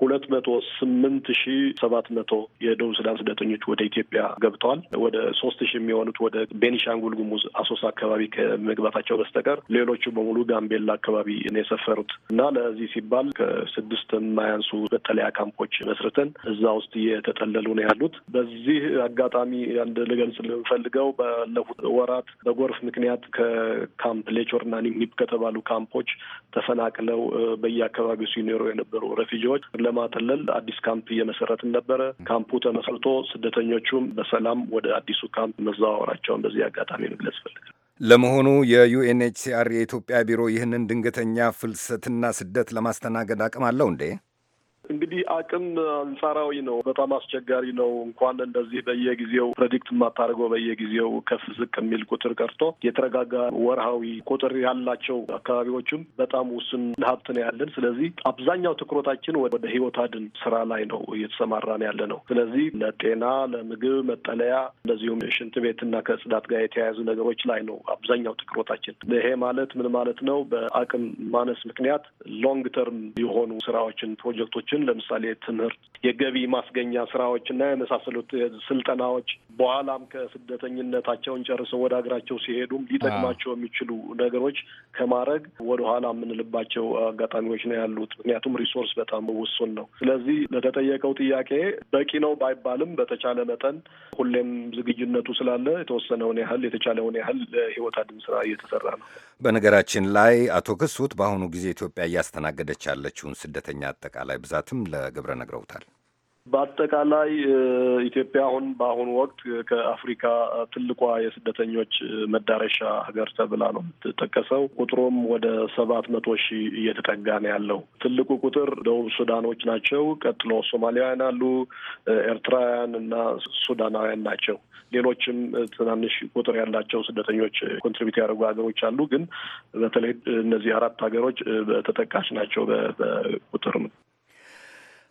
ሁለት መቶ ስምንት ሺ ሰባት መቶ የደቡብ ሱዳን ስደተኞች ወደ ኢትዮጵያ ገብተዋል። ወደ ሶስት ሺ የሚሆኑት ወደ ቤኒሻንጉል ጉሙዝ አሶሳ አካባቢ ከመግባታቸው በስተቀር ሌሎቹ በሙሉ ጋምቤላ አካባቢ ነው የሰፈሩት እና ለዚህ ሲባል ከስድስት የማያንሱ መጠለያ ካምፖች መስርተን እዛ ውስጥ እየተጠለሉ ነው ያሉት። በዚህ አጋጣሚ አንድ ልገልጽ ልንፈልገው ባለፉት ወራት በጎርፍ ምክንያት ከካምፕ ሌቾርና ኒሚፕ ከተባሉ ካምፖች ተፈናቅለው በየአካባቢው ሲኖሩ የነበሩ ረፊጂዎች ለማጠለል አዲስ ካምፕ እየመሰረትን ነበረ። ካምፑ ተመስርቶ ስደተኞቹም በሰላም ወደ አዲሱ ካምፕ መዘዋወራቸውን በዚህ አጋጣሚ መግለጽ ፈልጋል። ለመሆኑ የዩኤንኤችሲአር የኢትዮጵያ ቢሮ ይህንን ድንገተኛ ፍልሰትና ስደት ለማስተናገድ አቅም አለው እንዴ? እንግዲህ አቅም አንጻራዊ ነው። በጣም አስቸጋሪ ነው። እንኳን እንደዚህ በየጊዜው ፕሬዲክት የማታደርገው በየጊዜው ከፍ ዝቅ የሚል ቁጥር ቀርቶ የተረጋጋ ወርሃዊ ቁጥር ያላቸው አካባቢዎችም በጣም ውስን ሀብት ነው ያለን። ስለዚህ አብዛኛው ትኩረታችን ወደ ህይወት አድን ስራ ላይ ነው እየተሰማራን ያለ ነው። ስለዚህ ለጤና፣ ለምግብ፣ መጠለያ እንደዚሁም ሽንት ቤትና ከጽዳት ጋር የተያያዙ ነገሮች ላይ ነው አብዛኛው ትኩረታችን። ይሄ ማለት ምን ማለት ነው? በአቅም ማነስ ምክንያት ሎንግ ተርም የሆኑ ስራዎችን ፕሮጀክቶችን ስራዎችን ለምሳሌ ትምህርት፣ የገቢ ማስገኛ ስራዎች እና የመሳሰሉት ስልጠናዎች በኋላም ከስደተኝነታቸውን ጨርሰው ወደ ሀገራቸው ሲሄዱም ሊጠቅማቸው የሚችሉ ነገሮች ከማድረግ ወደኋላ የምንልባቸው አጋጣሚዎች ነው ያሉት። ምክንያቱም ሪሶርስ በጣም ውሱን ነው። ስለዚህ ለተጠየቀው ጥያቄ በቂ ነው ባይባልም በተቻለ መጠን ሁሌም ዝግጁነቱ ስላለ የተወሰነውን ያህል የተቻለውን ያህል ለህይወት አድን ስራ እየተሰራ ነው። በነገራችን ላይ አቶ ክሱት በአሁኑ ጊዜ ኢትዮጵያ እያስተናገደች ያለችውን ስደተኛ አጠቃላይ ብዛት ምክንያትም ለግብረ ነግረውታል። በአጠቃላይ ኢትዮጵያ አሁን በአሁኑ ወቅት ከአፍሪካ ትልቋ የስደተኞች መዳረሻ ሀገር ተብላ ነው የምትጠቀሰው። ቁጥሩም ወደ ሰባት መቶ ሺህ እየተጠጋ ነው ያለው። ትልቁ ቁጥር ደቡብ ሱዳኖች ናቸው። ቀጥሎ ሶማሊያውያን አሉ፣ ኤርትራውያን እና ሱዳናውያን ናቸው። ሌሎችም ትናንሽ ቁጥር ያላቸው ስደተኞች ኮንትሪቢዩት ያደርጉ ሀገሮች አሉ። ግን በተለይ እነዚህ አራት ሀገሮች ተጠቃሽ ናቸው በቁጥር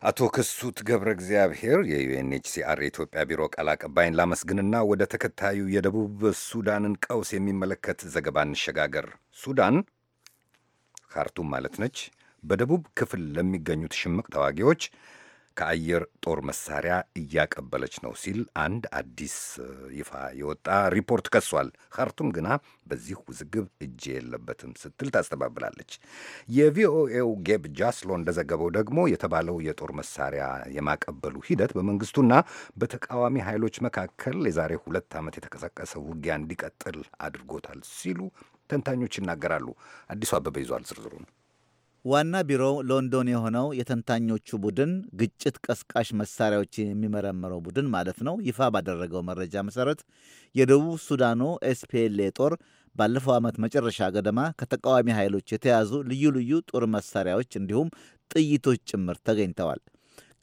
አቶ ክሱት ገብረ እግዚአብሔር የዩኤንኤችሲአር የኢትዮጵያ ቢሮ ቃል አቀባይን ላመስግንና ወደ ተከታዩ የደቡብ ሱዳንን ቀውስ የሚመለከት ዘገባ እንሸጋገር። ሱዳን ካርቱም ማለት ነች። በደቡብ ክፍል ለሚገኙት ሽምቅ ተዋጊዎች ከአየር ጦር መሳሪያ እያቀበለች ነው ሲል አንድ አዲስ ይፋ የወጣ ሪፖርት ከሷል። ካርቱም ግና በዚህ ውዝግብ እጅ የለበትም ስትል ታስተባብላለች። የቪኦኤው ጌብ ጃስሎ እንደዘገበው ደግሞ የተባለው የጦር መሳሪያ የማቀበሉ ሂደት በመንግስቱና በተቃዋሚ ኃይሎች መካከል የዛሬ ሁለት ዓመት የተቀሰቀሰ ውጊያ እንዲቀጥል አድርጎታል ሲሉ ተንታኞች ይናገራሉ። አዲሱ አበበ ይዟል ዝርዝሩን። ዋና ቢሮው ሎንዶን የሆነው የተንታኞቹ ቡድን ግጭት ቀስቃሽ መሳሪያዎች የሚመረምረው ቡድን ማለት ነው፣ ይፋ ባደረገው መረጃ መሠረት የደቡብ ሱዳኑ ኤስፒኤልኤ ጦር ባለፈው ዓመት መጨረሻ ገደማ ከተቃዋሚ ኃይሎች የተያዙ ልዩ ልዩ ጦር መሳሪያዎች እንዲሁም ጥይቶች ጭምር ተገኝተዋል።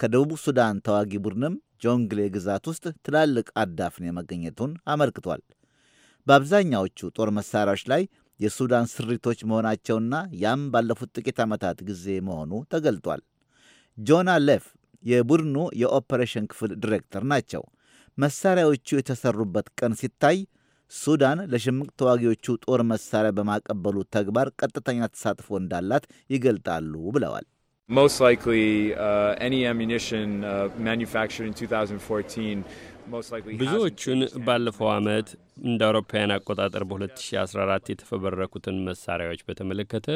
ከደቡብ ሱዳን ተዋጊ ቡድንም ጆንግሌ ግዛት ውስጥ ትላልቅ አዳፍን የመገኘቱን አመልክቷል። በአብዛኛዎቹ ጦር መሳሪያዎች ላይ የሱዳን ስሪቶች መሆናቸውና ያም ባለፉት ጥቂት ዓመታት ጊዜ መሆኑ ተገልጧል። ጆና ሌፍ የቡድኑ የኦፐሬሽን ክፍል ዲሬክተር ናቸው። መሣሪያዎቹ የተሠሩበት ቀን ሲታይ ሱዳን ለሽምቅ ተዋጊዎቹ ጦር መሣሪያ በማቀበሉ ተግባር ቀጥተኛ ተሳትፎ እንዳላት ይገልጣሉ ብለዋል። Most likely, uh, any ammunition uh, manufactured in 2014. ብዙዎቹን ባለፈው ዓመት እንደ አውሮፓውያን አቆጣጠር በ2014 የተፈበረኩትን መሳሪያዎች በተመለከተ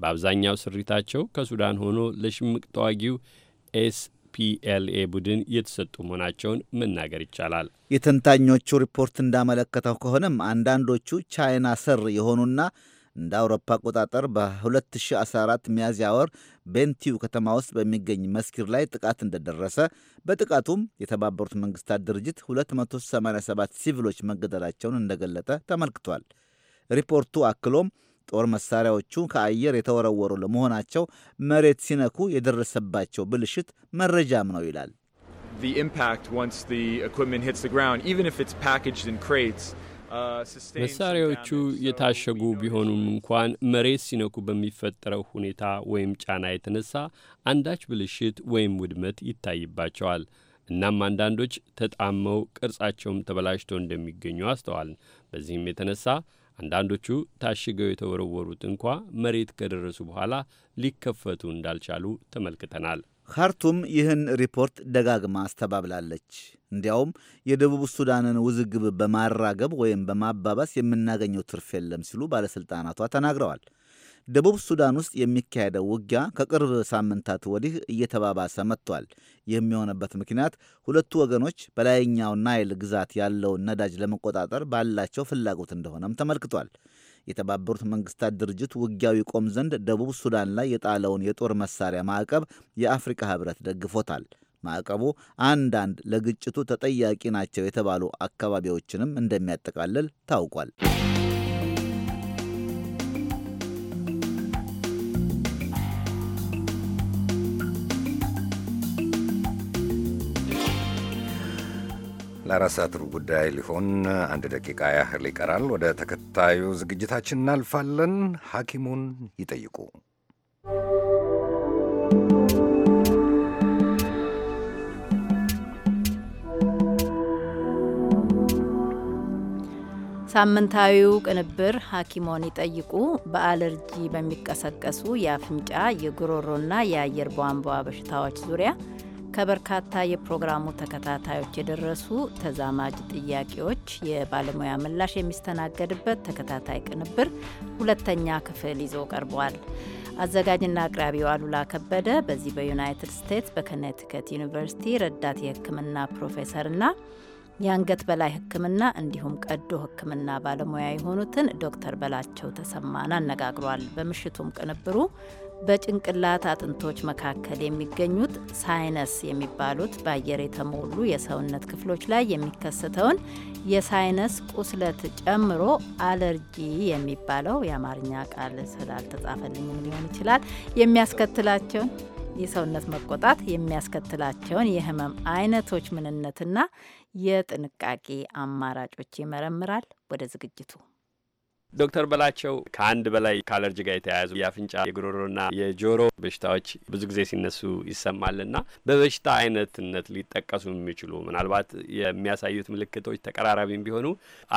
በአብዛኛው ስሪታቸው ከሱዳን ሆኖ ለሽምቅ ተዋጊው ኤስፒኤልኤ ቡድን የተሰጡ መሆናቸውን መናገር ይቻላል። የተንታኞቹ ሪፖርት እንዳመለከተው ከሆነም አንዳንዶቹ ቻይና ሰር የሆኑና እንደ አውሮፓ አቆጣጠር በ2014 ሚያዝያ ወር ቤንቲው ከተማ ውስጥ በሚገኝ መስጊድ ላይ ጥቃት እንደደረሰ በጥቃቱም የተባበሩት መንግስታት ድርጅት 287 ሲቪሎች መገደላቸውን እንደገለጠ ተመልክቷል። ሪፖርቱ አክሎም ጦር መሳሪያዎቹ ከአየር የተወረወሩ ለመሆናቸው መሬት ሲነኩ የደረሰባቸው ብልሽት መረጃም ነው ይላል። The impact once the equipment hits the ground, even if it's packaged in crates, መሳሪያዎቹ የታሸጉ ቢሆኑም እንኳን መሬት ሲነኩ በሚፈጠረው ሁኔታ ወይም ጫና የተነሳ አንዳች ብልሽት ወይም ውድመት ይታይባቸዋል። እናም አንዳንዶች ተጣመው ቅርጻቸውም ተበላሽቶ እንደሚገኙ አስተዋል። በዚህም የተነሳ አንዳንዶቹ ታሽገው የተወረወሩት እንኳ መሬት ከደረሱ በኋላ ሊከፈቱ እንዳልቻሉ ተመልክተናል። ካርቱም ይህን ሪፖርት ደጋግማ አስተባብላለች። እንዲያውም የደቡብ ሱዳንን ውዝግብ በማራገብ ወይም በማባባስ የምናገኘው ትርፍ የለም ሲሉ ባለሥልጣናቷ ተናግረዋል። ደቡብ ሱዳን ውስጥ የሚካሄደው ውጊያ ከቅርብ ሳምንታት ወዲህ እየተባባሰ መጥቷል። ይህም የሆነበት ምክንያት ሁለቱ ወገኖች በላይኛው ናይል ግዛት ያለውን ነዳጅ ለመቆጣጠር ባላቸው ፍላጎት እንደሆነም ተመልክቷል። የተባበሩት መንግስታት ድርጅት ውጊያው ይቆም ዘንድ ደቡብ ሱዳን ላይ የጣለውን የጦር መሳሪያ ማዕቀብ የአፍሪካ ህብረት ደግፎታል። ማዕቀቡ አንዳንድ ለግጭቱ ተጠያቂ ናቸው የተባሉ አካባቢዎችንም እንደሚያጠቃልል ታውቋል። ለአራት ሰዓት ሩብ ጉዳይ ሊሆን አንድ ደቂቃ ያህል ይቀራል። ወደ ተከታዩ ዝግጅታችን እናልፋለን። ሐኪሙን ይጠይቁ ሳምንታዊው ቅንብር ሐኪሞን ይጠይቁ በአለርጂ በሚቀሰቀሱ የአፍንጫ የጉሮሮና የአየር ቧንቧ በሽታዎች ዙሪያ ከበርካታ የፕሮግራሙ ተከታታዮች የደረሱ ተዛማጅ ጥያቄዎች የባለሙያ ምላሽ የሚስተናገድበት ተከታታይ ቅንብር ሁለተኛ ክፍል ይዞ ቀርቧል። አዘጋጅና አቅራቢው አሉላ ከበደ በዚህ በዩናይትድ ስቴትስ በከኔቲከት ዩኒቨርሲቲ ረዳት የሕክምና ፕሮፌሰርና የአንገት በላይ ሕክምና እንዲሁም ቀዶ ሕክምና ባለሙያ የሆኑትን ዶክተር በላቸው ተሰማን አነጋግሯል። በምሽቱም ቅንብሩ በጭንቅላት አጥንቶች መካከል የሚገኙት ሳይነስ የሚባሉት በአየር የተሞሉ የሰውነት ክፍሎች ላይ የሚከሰተውን የሳይነስ ቁስለት ጨምሮ አለርጂ የሚባለው የአማርኛ ቃል ስላልተጻፈልኝም ሊሆን ይችላል የሚያስከትላቸውን የሰውነት መቆጣት የሚያስከትላቸውን የህመም አይነቶች ምንነትና የጥንቃቄ አማራጮች ይመረምራል። ወደ ዝግጅቱ ዶክተር በላቸው ከአንድ በላይ ከአለርጂ ጋር የተያያዙ የአፍንጫ የጉሮሮና የጆሮ በሽታዎች ብዙ ጊዜ ሲነሱ ይሰማልና በበሽታ አይነትነት ሊጠቀሱ የሚችሉ ምናልባት የሚያሳዩት ምልክቶች ተቀራራቢም ቢሆኑ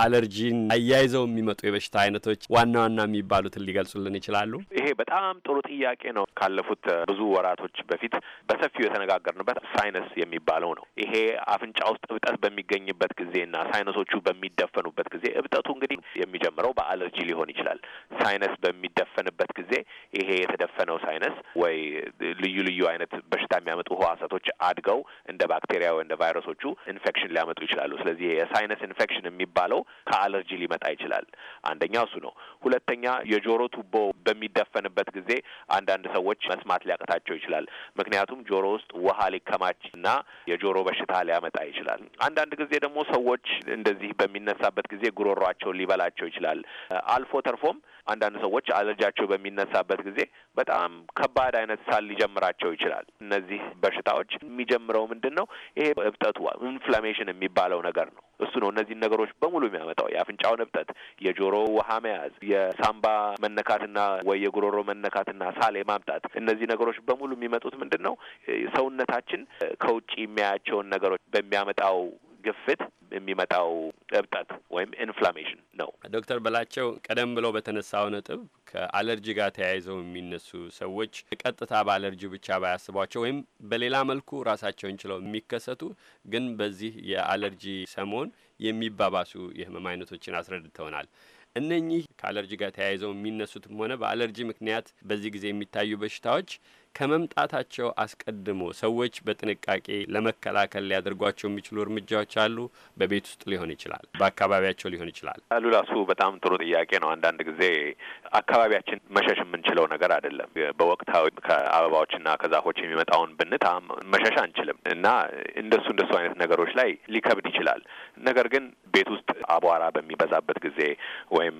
አለርጂን አያይዘው የሚመጡ የበሽታ አይነቶች ዋና ዋና የሚባሉትን ሊገልጹልን ይችላሉ? ይሄ በጣም ጥሩ ጥያቄ ነው። ካለፉት ብዙ ወራቶች በፊት በሰፊው የተነጋገርንበት ሳይነስ የሚባለው ነው። ይሄ አፍንጫ ውስጥ እብጠት በሚገኝበት ጊዜና ሳይነሶቹ በሚደፈኑበት ጊዜ እብጠቱ እንግዲህ የሚጀምረው በአ አለርጂ ሊሆን ይችላል። ሳይነስ በሚደፈንበት ጊዜ ይሄ የተደፈነው ሳይነስ ወይ ልዩ ልዩ አይነት በሽታ የሚያመጡ ህዋሳቶች አድገው እንደ ባክቴሪያ ወይ እንደ ቫይረሶቹ ኢንፌክሽን ሊያመጡ ይችላሉ። ስለዚህ የሳይነስ ኢንፌክሽን የሚባለው ከአለርጂ ሊመጣ ይችላል። አንደኛ እሱ ነው። ሁለተኛ የጆሮ ቱቦ በሚደፈንበት ጊዜ አንዳንድ ሰዎች መስማት ሊያቀታቸው ይችላል። ምክንያቱም ጆሮ ውስጥ ውሃ ሊከማች እና የጆሮ በሽታ ሊያመጣ ይችላል። አንዳንድ ጊዜ ደግሞ ሰዎች እንደዚህ በሚነሳበት ጊዜ ጉሮሯቸውን ሊበላቸው ይችላል። አልፎ ተርፎም አንዳንድ ሰዎች አለርጃቸው በሚነሳበት ጊዜ በጣም ከባድ አይነት ሳል ሊጀምራቸው ይችላል። እነዚህ በሽታዎች የሚጀምረው ምንድን ነው? ይሄ እብጠቱ ኢንፍላሜሽን የሚባለው ነገር ነው። እሱ ነው እነዚህን ነገሮች በሙሉ የሚያመጣው የአፍንጫውን እብጠት፣ የጆሮ ውሃ መያዝ፣ የሳምባ መነካትና ወይ የጉሮሮ መነካትና ሳል የማምጣት እነዚህ ነገሮች በሙሉ የሚመጡት ምንድን ነው? ሰውነታችን ከውጭ የሚያያቸውን ነገሮች በሚያመጣው ግፊት የሚመጣው እብጠት ወይም ኢንፍላሜሽን ነው። ዶክተር በላቸው ቀደም ብለው በተነሳው ነጥብ ከአለርጂ ጋር ተያይዘው የሚነሱ ሰዎች ቀጥታ በአለርጂ ብቻ ባያስቧቸው ወይም በሌላ መልኩ ራሳቸውን ችለው የሚከሰቱ ግን በዚህ የአለርጂ ሰሞን የሚባባሱ የህመም አይነቶችን አስረድተውናል። እነኚህ ከአለርጂ ጋር ተያይዘው የሚነሱትም ሆነ በአለርጂ ምክንያት በዚህ ጊዜ የሚታዩ በሽታዎች ከመምጣታቸው አስቀድሞ ሰዎች በጥንቃቄ ለመከላከል ሊያደርጓቸው የሚችሉ እርምጃዎች አሉ። በቤት ውስጥ ሊሆን ይችላል፣ በአካባቢያቸው ሊሆን ይችላል። ሉላ በጣም ጥሩ ጥያቄ ነው። አንዳንድ ጊዜ አካባቢያችን መሸሽ የምንችለው ነገር አይደለም። በወቅታዊ ከአበባዎችና ከዛፎች የሚመጣውን ብንታ መሸሽ አንችልም እና እንደሱ እንደሱ አይነት ነገሮች ላይ ሊከብድ ይችላል። ነገር ግን ቤት ውስጥ አቧራ በሚበዛበት ጊዜ ወይም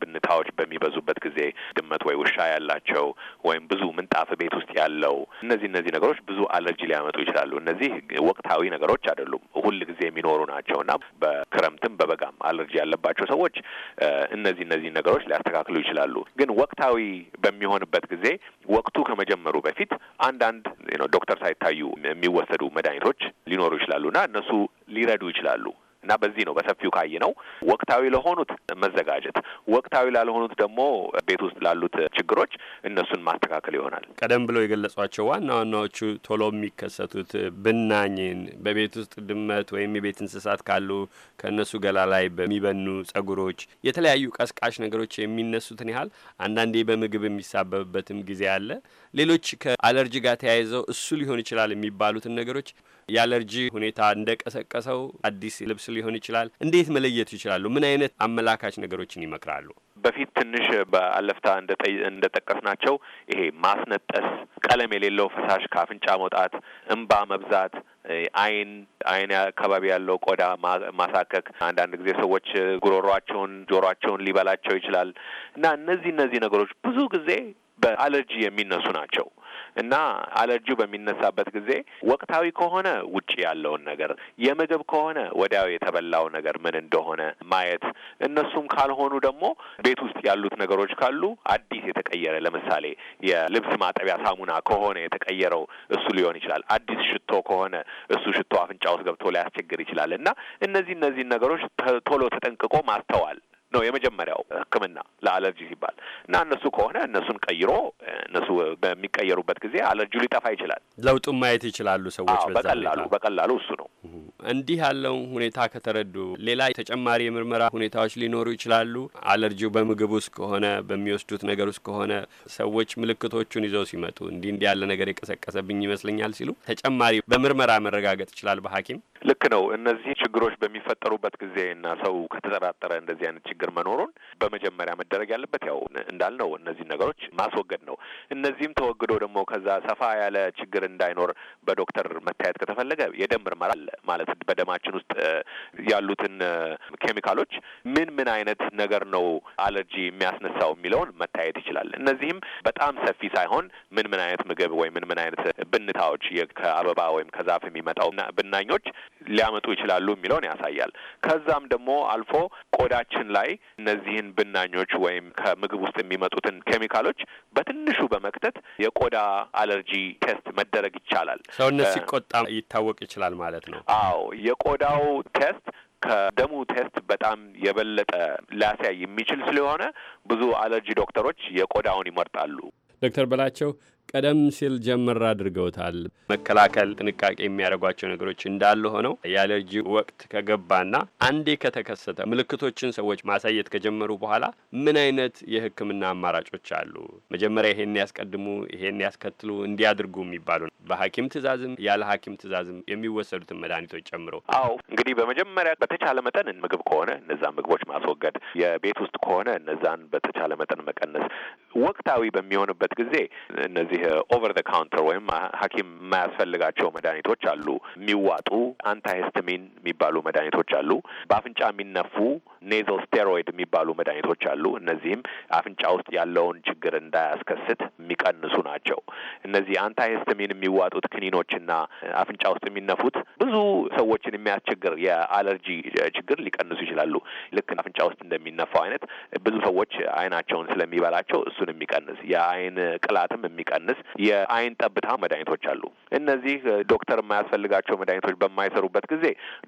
ብንታዎች በሚበዙበት ጊዜ ድመት ወይ ውሻ ያላቸው ወይም ብዙ ምንጣፍ ቤት ውስጥ አይነት ያለው እነዚህ እነዚህ ነገሮች ብዙ አለርጂ ሊያመጡ ይችላሉ። እነዚህ ወቅታዊ ነገሮች አይደሉም፣ ሁል ጊዜ የሚኖሩ ናቸው እና በክረምትም በበጋም አለርጂ ያለባቸው ሰዎች እነዚህ እነዚህ ነገሮች ሊያስተካክሉ ይችላሉ። ግን ወቅታዊ በሚሆንበት ጊዜ ወቅቱ ከመጀመሩ በፊት አንዳንድ ዶክተር ሳይታዩ የሚወሰዱ መድኃኒቶች ሊኖሩ ይችላሉ እና እነሱ ሊረዱ ይችላሉ። እና በዚህ ነው በሰፊው ካይ ነው ወቅታዊ ለሆኑት መዘጋጀት፣ ወቅታዊ ላልሆኑት ደግሞ ቤት ውስጥ ላሉት ችግሮች እነሱን ማስተካከል ይሆናል። ቀደም ብሎ የገለጿቸው ዋና ዋናዎቹ ቶሎ የሚከሰቱት ብናኝን በቤት ውስጥ ድመት ወይም የቤት እንስሳት ካሉ ከእነሱ ገላ ላይ በሚበኑ ጸጉሮች፣ የተለያዩ ቀስቃሽ ነገሮች የሚነሱትን ያህል አንዳንዴ በምግብ የሚሳበብበትም ጊዜ አለ። ሌሎች ከአለርጂ ጋር ተያይዘው እሱ ሊሆን ይችላል የሚባሉትን ነገሮች የአለርጂ ሁኔታ እንደቀሰቀሰው አዲስ ልብስ ሊሆን ይችላል። እንዴት መለየቱ ይችላሉ? ምን አይነት አመላካች ነገሮችን ይመክራሉ? በፊት ትንሽ በአለፍታ እንደ ናቸው ይሄ ማስነጠስ፣ ቀለም የሌለው ፈሳሽ ከአፍንጫ መውጣት፣ እንባ መብዛት አይን አይን አካባቢ ያለው ቆዳ ማሳከክ፣ አንዳንድ ጊዜ ሰዎች ጉሮሯቸውን፣ ጆሯቸውን ሊበላቸው ይችላል እና እነዚህ እነዚህ ነገሮች ብዙ ጊዜ በአለርጂ የሚነሱ ናቸው። እና አለርጂው በሚነሳበት ጊዜ ወቅታዊ ከሆነ ውጭ ያለውን ነገር፣ የምግብ ከሆነ ወዲያው የተበላው ነገር ምን እንደሆነ ማየት፣ እነሱም ካልሆኑ ደግሞ ቤት ውስጥ ያሉት ነገሮች ካሉ አዲስ የተቀየረ ለምሳሌ የልብስ ማጠቢያ ሳሙና ከሆነ የተቀየረው እሱ ሊሆን ይችላል። አዲስ ሽቶ ከሆነ እሱ ሽቶ አፍንጫ ውስጥ ገብቶ ሊያስቸግር ይችላል እና እነዚህ እነዚህን ነገሮች ቶሎ ተጠንቅቆ ማስተዋል ነው የመጀመሪያው ህክምና ለአለርጂ ሲባል እና እነሱ ከሆነ እነሱን ቀይሮ እነሱ በሚቀየሩበት ጊዜ አለርጂው ሊጠፋ ይችላል። ለውጡ ማየት ይችላሉ ሰዎች በቀላሉ በቀላሉ እሱ ነው። እንዲህ ያለውን ሁኔታ ከተረዱ ሌላ ተጨማሪ የምርመራ ሁኔታዎች ሊኖሩ ይችላሉ። አለርጂው በምግብ ውስጥ ከሆነ በሚወስዱት ነገር ውስጥ ከሆነ ሰዎች ምልክቶቹን ይዘው ሲመጡ እንዲህ እንዲህ ያለ ነገር የቀሰቀሰብኝ ይመስለኛል ሲሉ ተጨማሪ በምርመራ መረጋገጥ ይችላል በሐኪም ልክ ነው። እነዚህ ችግሮች በሚፈጠሩበት ጊዜና ሰው ከተጠራጠረ እንደዚህ አይነት ችግር መኖሩን በመጀመሪያ መደረግ ያለበት ያው እንዳልነው እነዚህ ነገሮች ማስወገድ ነው። እነዚህም ተወግዶ ደግሞ ከዛ ሰፋ ያለ ችግር እንዳይኖር በዶክተር መታየት ከተፈለገ የደም ምርመራ አለ ማለት በደማችን ውስጥ ያሉትን ኬሚካሎች ምን ምን አይነት ነገር ነው አለርጂ የሚያስነሳው የሚለውን መታየት ይችላል። እነዚህም በጣም ሰፊ ሳይሆን ምን ምን አይነት ምግብ ወይም ምን ምን አይነት ብንታዎች ከአበባ ወይም ከዛፍ የሚመጣው ብናኞች ሊያመጡ ይችላሉ የሚለውን ያሳያል። ከዛም ደግሞ አልፎ ቆዳችን ላይ እነዚህን ብናኞች ወይም ከምግብ ውስጥ የሚመጡትን ኬሚካሎች በትንሹ በመክተት የቆዳ አለርጂ ቴስት መደረግ ይቻላል። ሰውነት ሲቆጣ ይታወቅ ይችላል ማለት ነው። አዎ የቆዳው ቴስት ከደሙ ቴስት በጣም የበለጠ ሊያሳይ የሚችል ስለሆነ ብዙ አለርጂ ዶክተሮች የቆዳውን ይመርጣሉ። ዶክተር በላቸው ቀደም ሲል ጀምር አድርገውታል። መከላከል ጥንቃቄ የሚያደርጓቸው ነገሮች እንዳለ ሆነው የአለርጂ ወቅት ከገባና አንዴ ከተከሰተ ምልክቶችን ሰዎች ማሳየት ከጀመሩ በኋላ ምን አይነት የሕክምና አማራጮች አሉ? መጀመሪያ ይሄን ያስቀድሙ፣ ይሄን ያስከትሉ፣ እንዲያድርጉ የሚባሉ በሐኪም ትእዛዝም ያለ ሐኪም ትእዛዝም የሚወሰዱትን መድኃኒቶች ጨምሮ። አዎ እንግዲህ በመጀመሪያ በተቻለ መጠን ምግብ ከሆነ እነዛን ምግቦች ማስወገድ፣ የቤት ውስጥ ከሆነ እነዛን በተቻለ መጠን መቀነስ። ወቅታዊ በሚሆንበት ጊዜ እነዚህ እነዚህ ኦቨር ዘ ካውንተር ወይም ሐኪም የማያስፈልጋቸው መድኃኒቶች አሉ። የሚዋጡ አንታሂስትሚን የሚባሉ መድኃኒቶች አሉ። በአፍንጫ የሚነፉ ኔዞ ስቴሮይድ የሚባሉ መድኃኒቶች አሉ። እነዚህም አፍንጫ ውስጥ ያለውን ችግር እንዳያስከስት የሚቀንሱ ናቸው። እነዚህ አንታሂስትሚን የሚዋጡት ክኒኖችና አፍንጫ ውስጥ የሚነፉት ብዙ ሰዎችን የሚያስቸግር የአለርጂ ችግር ሊቀንሱ ይችላሉ። ልክ አፍንጫ ውስጥ እንደሚነፋው አይነት ብዙ ሰዎች አይናቸውን ስለሚበላቸው እሱን የሚቀንስ የአይን ቅላትም የሚቀንስ የሚቀንስ የአይን ጠብታ መድኃኒቶች አሉ። እነዚህ ዶክተር የማያስፈልጋቸው መድኃኒቶች በማይሰሩበት ጊዜ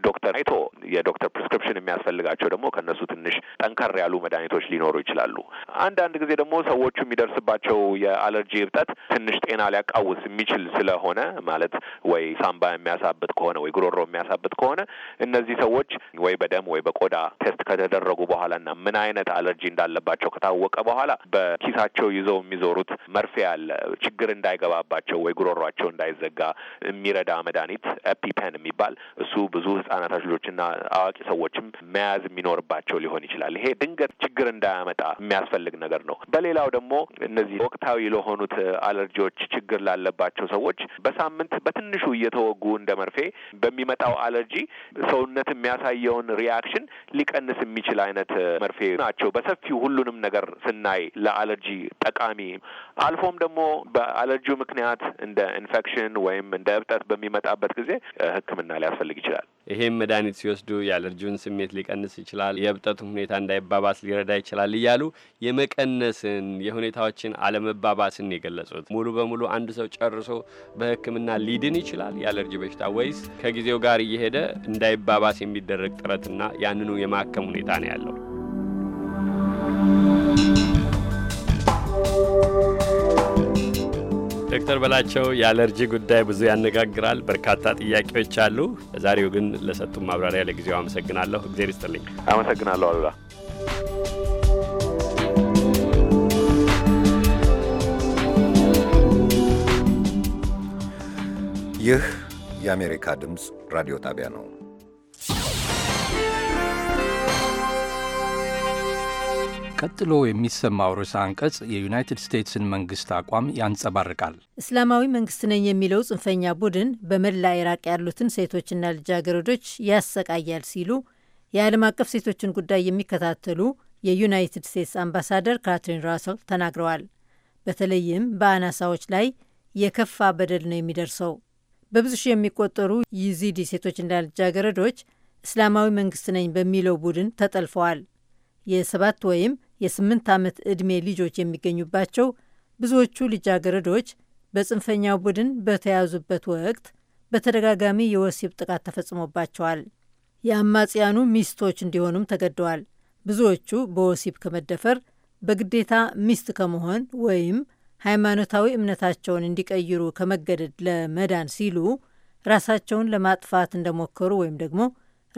ዶክተር አይቶ የዶክተር ፕሪስክሪፕሽን የሚያስፈልጋቸው ደግሞ ከእነሱ ትንሽ ጠንከር ያሉ መድኃኒቶች ሊኖሩ ይችላሉ። አንዳንድ ጊዜ ደግሞ ሰዎቹ የሚደርስባቸው የአለርጂ እብጠት ትንሽ ጤና ሊያቃውስ የሚችል ስለሆነ ማለት ወይ ሳምባ የሚያሳብጥ ከሆነ ወይ ጉሮሮ የሚያሳብጥ ከሆነ እነዚህ ሰዎች ወይ በደም ወይ በቆዳ ቴስት ከተደረጉ በኋላ እና ምን አይነት አለርጂ እንዳለባቸው ከታወቀ በኋላ በኪሳቸው ይዘው የሚዞሩት መርፌ አለ፣ ችግር እንዳይገባባቸው ወይ ጉሮሯቸው እንዳይዘጋ የሚረዳ መድኃኒት ኤፒፔን የሚባል እሱ ብዙ ህጻናቶች ልጆችና አዋቂ ሰዎችም መያዝ የሚኖርባቸው ሊሆን ይችላል። ይሄ ድንገት ችግር እንዳያመጣ የሚያስፈልግ ነገር ነው። በሌላው ደግሞ እነዚህ ወቅታዊ ለሆኑት አለርጂዎች ችግር ላለባቸው ሰዎች በሳምንት በትንሹ እየተወጉ እንደ መርፌ በሚመጣው አለርጂ ሰውነት የሚያሳየውን ሪያክሽን ሊቀንስ የሚችል አይነት መርፌ ናቸው። በሰፊው ሁሉንም ነገር ስናይ ለአለርጂ ጠቃሚ አልፎም ደግሞ በአለርጂው ምክንያት እንደ ኢንፌክሽን ወይም እንደ እብጠት በሚመጣበት ጊዜ ሕክምና ሊያስፈልግ ይችላል። ይሄም መድኃኒት ሲወስዱ የአለርጂውን ስሜት ሊቀንስ ይችላል፣ የእብጠቱን ሁኔታ እንዳይባባስ ሊረዳ ይችላል እያሉ የመቀነስን የሁኔታዎችን አለመባባስን የገለጹት ሙሉ በሙሉ አንድ ሰው ጨርሶ በህክምና ሊድን ይችላል የአለርጂ በሽታ ወይስ ከጊዜው ጋር እየሄደ እንዳይባባስ የሚደረግ ጥረትና ያንኑ የማከም ሁኔታ ነው ያለው? ዶክተር በላቸው የአለርጂ ጉዳይ ብዙ ያነጋግራል። በርካታ ጥያቄዎች አሉ። ለዛሬው ግን ለሰጡን ማብራሪያ ለጊዜው አመሰግናለሁ። እግዜር ይስጥልኝ። አመሰግናለሁ አሉላ። ይህ የአሜሪካ ድምፅ ራዲዮ ጣቢያ ነው። ቀጥሎ የሚሰማው ርዕሰ አንቀጽ የዩናይትድ ስቴትስን መንግስት አቋም ያንጸባርቃል። እስላማዊ መንግስት ነኝ የሚለው ጽንፈኛ ቡድን በመላ ኢራቅ ያሉትን ሴቶችና ልጃገረዶች ያሰቃያል ሲሉ የዓለም አቀፍ ሴቶችን ጉዳይ የሚከታተሉ የዩናይትድ ስቴትስ አምባሳደር ካትሪን ራሰል ተናግረዋል። በተለይም በአናሳዎች ላይ የከፋ በደል ነው የሚደርሰው። በብዙ ሺህ የሚቆጠሩ ይዚዲ ሴቶችና ልጃገረዶች እስላማዊ መንግስት ነኝ በሚለው ቡድን ተጠልፈዋል። የሰባት ወይም የስምንት ዓመት ዕድሜ ልጆች የሚገኙባቸው ብዙዎቹ ልጃገረዶች በጽንፈኛው ቡድን በተያዙበት ወቅት በተደጋጋሚ የወሲብ ጥቃት ተፈጽሞባቸዋል። የአማጽያኑ ሚስቶች እንዲሆኑም ተገደዋል። ብዙዎቹ በወሲብ ከመደፈር በግዴታ ሚስት ከመሆን ወይም ሃይማኖታዊ እምነታቸውን እንዲቀይሩ ከመገደድ ለመዳን ሲሉ ራሳቸውን ለማጥፋት እንደሞከሩ ወይም ደግሞ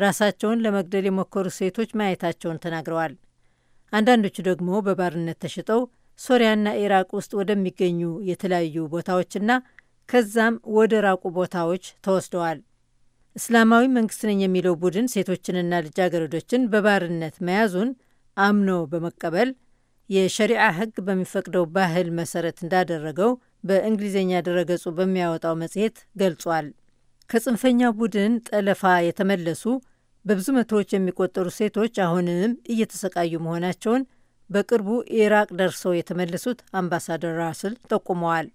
ራሳቸውን ለመግደል የሞከሩ ሴቶች ማየታቸውን ተናግረዋል። አንዳንዶቹ ደግሞ በባርነት ተሽጠው ሶሪያና ኢራቅ ውስጥ ወደሚገኙ የተለያዩ ቦታዎችና ከዛም ወደ ራቁ ቦታዎች ተወስደዋል። እስላማዊ መንግስት ነኝ የሚለው ቡድን ሴቶችንና ልጃገረዶችን በባርነት መያዙን አምኖ በመቀበል የሸሪዓ ሕግ በሚፈቅደው ባህል መሰረት እንዳደረገው በእንግሊዝኛ ድረገጹ በሚያወጣው መጽሔት ገልጿል። ከጽንፈኛ ቡድን ጠለፋ የተመለሱ በብዙ መቶዎች የሚቆጠሩ ሴቶች አሁንም እየተሰቃዩ መሆናቸውን በቅርቡ ኢራቅ ደርሰው የተመለሱት አምባሳደር ራስል ጠቁመዋል።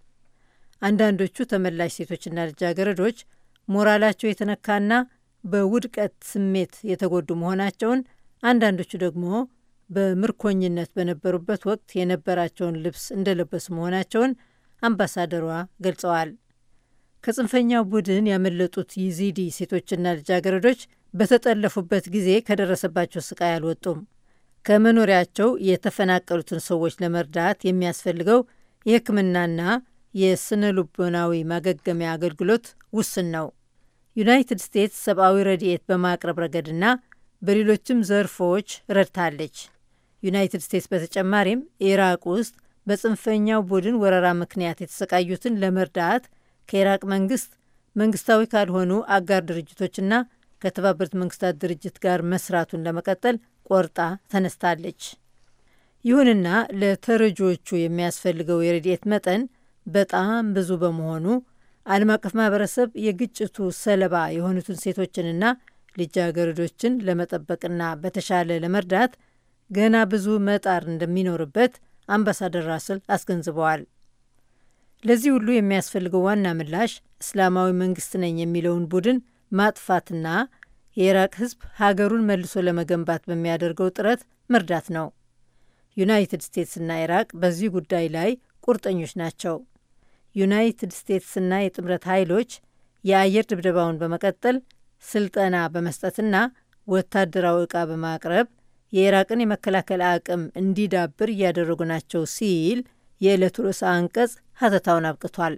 አንዳንዶቹ ተመላሽ ሴቶችና ልጃገረዶች ሞራላቸው የተነካና በውድቀት ስሜት የተጎዱ መሆናቸውን፣ አንዳንዶቹ ደግሞ በምርኮኝነት በነበሩበት ወቅት የነበራቸውን ልብስ እንደለበሱ መሆናቸውን አምባሳደሯ ገልጸዋል። ከጽንፈኛው ቡድን ያመለጡት ይዚዲ ሴቶችና ልጃገረዶች በተጠለፉበት ጊዜ ከደረሰባቸው ስቃይ አልወጡም። ከመኖሪያቸው የተፈናቀሉትን ሰዎች ለመርዳት የሚያስፈልገው የሕክምናና የስነ ልቦናዊ ማገገሚያ አገልግሎት ውስን ነው። ዩናይትድ ስቴትስ ሰብአዊ ረድኤት በማቅረብ ረገድና በሌሎችም ዘርፎች ረድታለች። ዩናይትድ ስቴትስ በተጨማሪም ኢራቅ ውስጥ በጽንፈኛው ቡድን ወረራ ምክንያት የተሰቃዩትን ለመርዳት ከኢራቅ መንግስት፣ መንግስታዊ ካልሆኑ አጋር ድርጅቶችና ከተባበሩት መንግስታት ድርጅት ጋር መስራቱን ለመቀጠል ቆርጣ ተነስታለች። ይሁንና ለተረጂዎቹ የሚያስፈልገው የረድኤት መጠን በጣም ብዙ በመሆኑ ዓለም አቀፍ ማህበረሰብ የግጭቱ ሰለባ የሆኑትን ሴቶችንና ልጃገረዶችን ለመጠበቅና በተሻለ ለመርዳት ገና ብዙ መጣር እንደሚኖርበት አምባሳደር ራስል አስገንዝበዋል። ለዚህ ሁሉ የሚያስፈልገው ዋና ምላሽ እስላማዊ መንግስት ነኝ የሚለውን ቡድን ማጥፋትና የኢራቅ ህዝብ ሀገሩን መልሶ ለመገንባት በሚያደርገው ጥረት መርዳት ነው። ዩናይትድ ስቴትስና ኢራቅ በዚህ ጉዳይ ላይ ቁርጠኞች ናቸው። ዩናይትድ ስቴትስና የጥምረት ኃይሎች የአየር ድብደባውን በመቀጠል ስልጠና በመስጠትና ወታደራዊ ዕቃ በማቅረብ የኢራቅን የመከላከል አቅም እንዲዳብር እያደረጉ ናቸው ሲል የዕለቱ ርዕሰ አንቀጽ ሀተታውን አብቅቷል።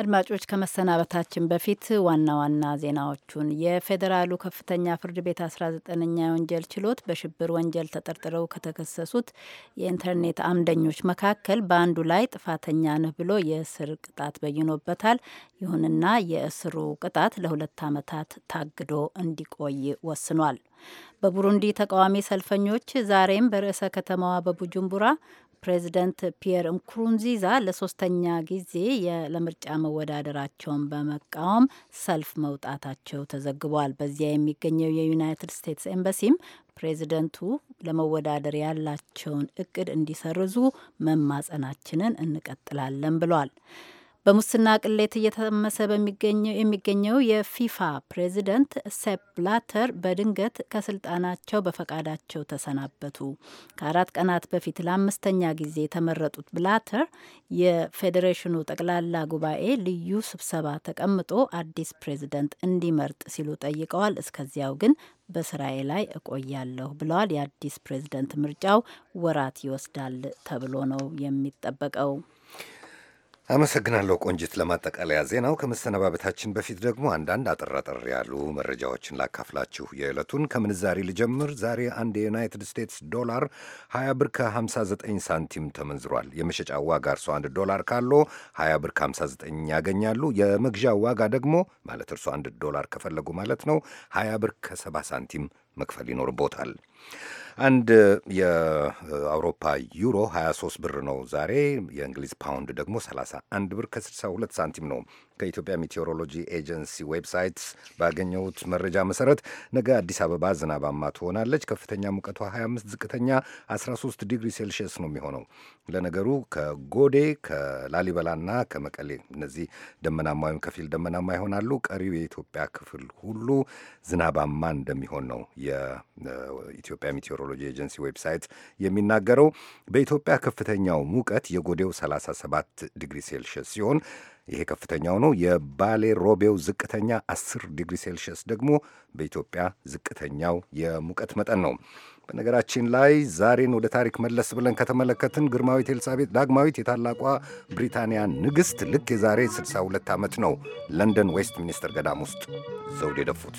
አድማጮች ከመሰናበታችን በፊት ዋና ዋና ዜናዎቹን የፌዴራሉ ከፍተኛ ፍርድ ቤት 19ኛ የወንጀል ችሎት በሽብር ወንጀል ተጠርጥረው ከተከሰሱት የኢንተርኔት አምደኞች መካከል በአንዱ ላይ ጥፋተኛ ነህ ብሎ የእስር ቅጣት በይኖበታል። ይሁንና የእስሩ ቅጣት ለሁለት ዓመታት ታግዶ እንዲቆይ ወስኗል። በቡሩንዲ ተቃዋሚ ሰልፈኞች ዛሬም በርዕሰ ከተማዋ በቡጁምቡራ ፕሬዚደንት ፒየር እንኩሩንዚዛ ለሶስተኛ ጊዜ ለምርጫ መወዳደራቸውን በመቃወም ሰልፍ መውጣታቸው ተዘግቧል። በዚያ የሚገኘው የዩናይትድ ስቴትስ ኤምባሲም ፕሬዚደንቱ ለመወዳደር ያላቸውን እቅድ እንዲሰርዙ መማጸናችንን እንቀጥላለን ብሏል። በሙስና ቅሌት እየተመሰ የሚገኘው የፊፋ ፕሬዚደንት ሴፕ ብላተር በድንገት ከስልጣናቸው በፈቃዳቸው ተሰናበቱ። ከአራት ቀናት በፊት ለአምስተኛ ጊዜ የተመረጡት ብላተር የፌዴሬሽኑ ጠቅላላ ጉባኤ ልዩ ስብሰባ ተቀምጦ አዲስ ፕሬዚደንት እንዲመርጥ ሲሉ ጠይቀዋል። እስከዚያው ግን በስራዬ ላይ እቆያለሁ ብለዋል። የአዲስ ፕሬዚደንት ምርጫው ወራት ይወስዳል ተብሎ ነው የሚጠበቀው። አመሰግናለሁ ቆንጅት ለማጠቃለያ ዜናው ከመሰነባበታችን በፊት ደግሞ አንዳንድ አጠራጠር ያሉ መረጃዎችን ላካፍላችሁ። የዕለቱን ከምንዛሬ ልጀምር። ዛሬ አንድ የዩናይትድ ስቴትስ ዶላር 20 ብር ከ59 ሳንቲም ተመንዝሯል። የመሸጫ ዋጋ እርሶ 1 ዶላር ካለ 20 ብር ከ59 ያገኛሉ። የመግዣ ዋጋ ደግሞ ማለት እርሶ 1 ዶላር ከፈለጉ ማለት ነው 20 ብር ከ70 ሳንቲም መክፈል ይኖርቦታል። አንድ የአውሮፓ ዩሮ 23 ብር ነው ዛሬ። የእንግሊዝ ፓውንድ ደግሞ 31 ብር ከ62 ሳንቲም ነው ከኢትዮጵያ ሜቴዎሮሎጂ ኤጀንሲ ዌብሳይት ባገኘሁት መረጃ መሰረት ነገ አዲስ አበባ ዝናባማ ትሆናለች። ከፍተኛ ሙቀቷ 25፣ ዝቅተኛ 13 ዲግሪ ሴልሺየስ ነው የሚሆነው። ለነገሩ ከጎዴ ከላሊበላና ከመቀሌ እነዚህ ደመናማ ወይም ከፊል ደመናማ ይሆናሉ። ቀሪው የኢትዮጵያ ክፍል ሁሉ ዝናባማ እንደሚሆን ነው የኢትዮጵያ ሜቴዎሮሎጂ ኤጀንሲ ዌብሳይት የሚናገረው። በኢትዮጵያ ከፍተኛው ሙቀት የጎዴው 37 ዲግሪ ሴልሺየስ ሲሆን ይሄ ከፍተኛው ነው። የባሌ ሮቤው ዝቅተኛ 10 ዲግሪ ሴልሺየስ ደግሞ በኢትዮጵያ ዝቅተኛው የሙቀት መጠን ነው። በነገራችን ላይ ዛሬን ወደ ታሪክ መለስ ብለን ከተመለከትን ግርማዊት ኤልሳቤጥ ዳግማዊት የታላቋ ብሪታንያ ንግሥት ልክ የዛሬ 62 ዓመት ነው ለንደን ዌስት ሚኒስተር ገዳም ውስጥ ዘውድ የደፉት።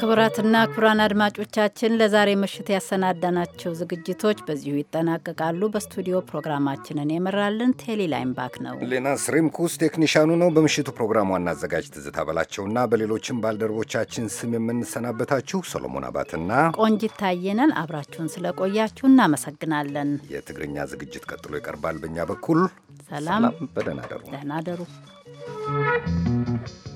ክቡራትና ክቡራን አድማጮቻችን ለዛሬ ምሽት ያሰናዳናቸው ዝግጅቶች በዚሁ ይጠናቀቃሉ። በስቱዲዮ ፕሮግራማችንን የመራልን ቴሌ ላይምባክ ነው። ሌና ስሪምኩስ ቴክኒሻኑ ነው። በምሽቱ ፕሮግራም ዋና አዘጋጅ ትዝታ በላቸውና በሌሎችም ባልደረቦቻችን ስም የምንሰናበታችሁ ሰሎሞን አባትና ቆንጂት ታየነን አብራችሁን ስለቆያችሁ እናመሰግናለን። የትግርኛ ዝግጅት ቀጥሎ ይቀርባል። በእኛ በኩል ሰላም፣ በደህና ደሩ።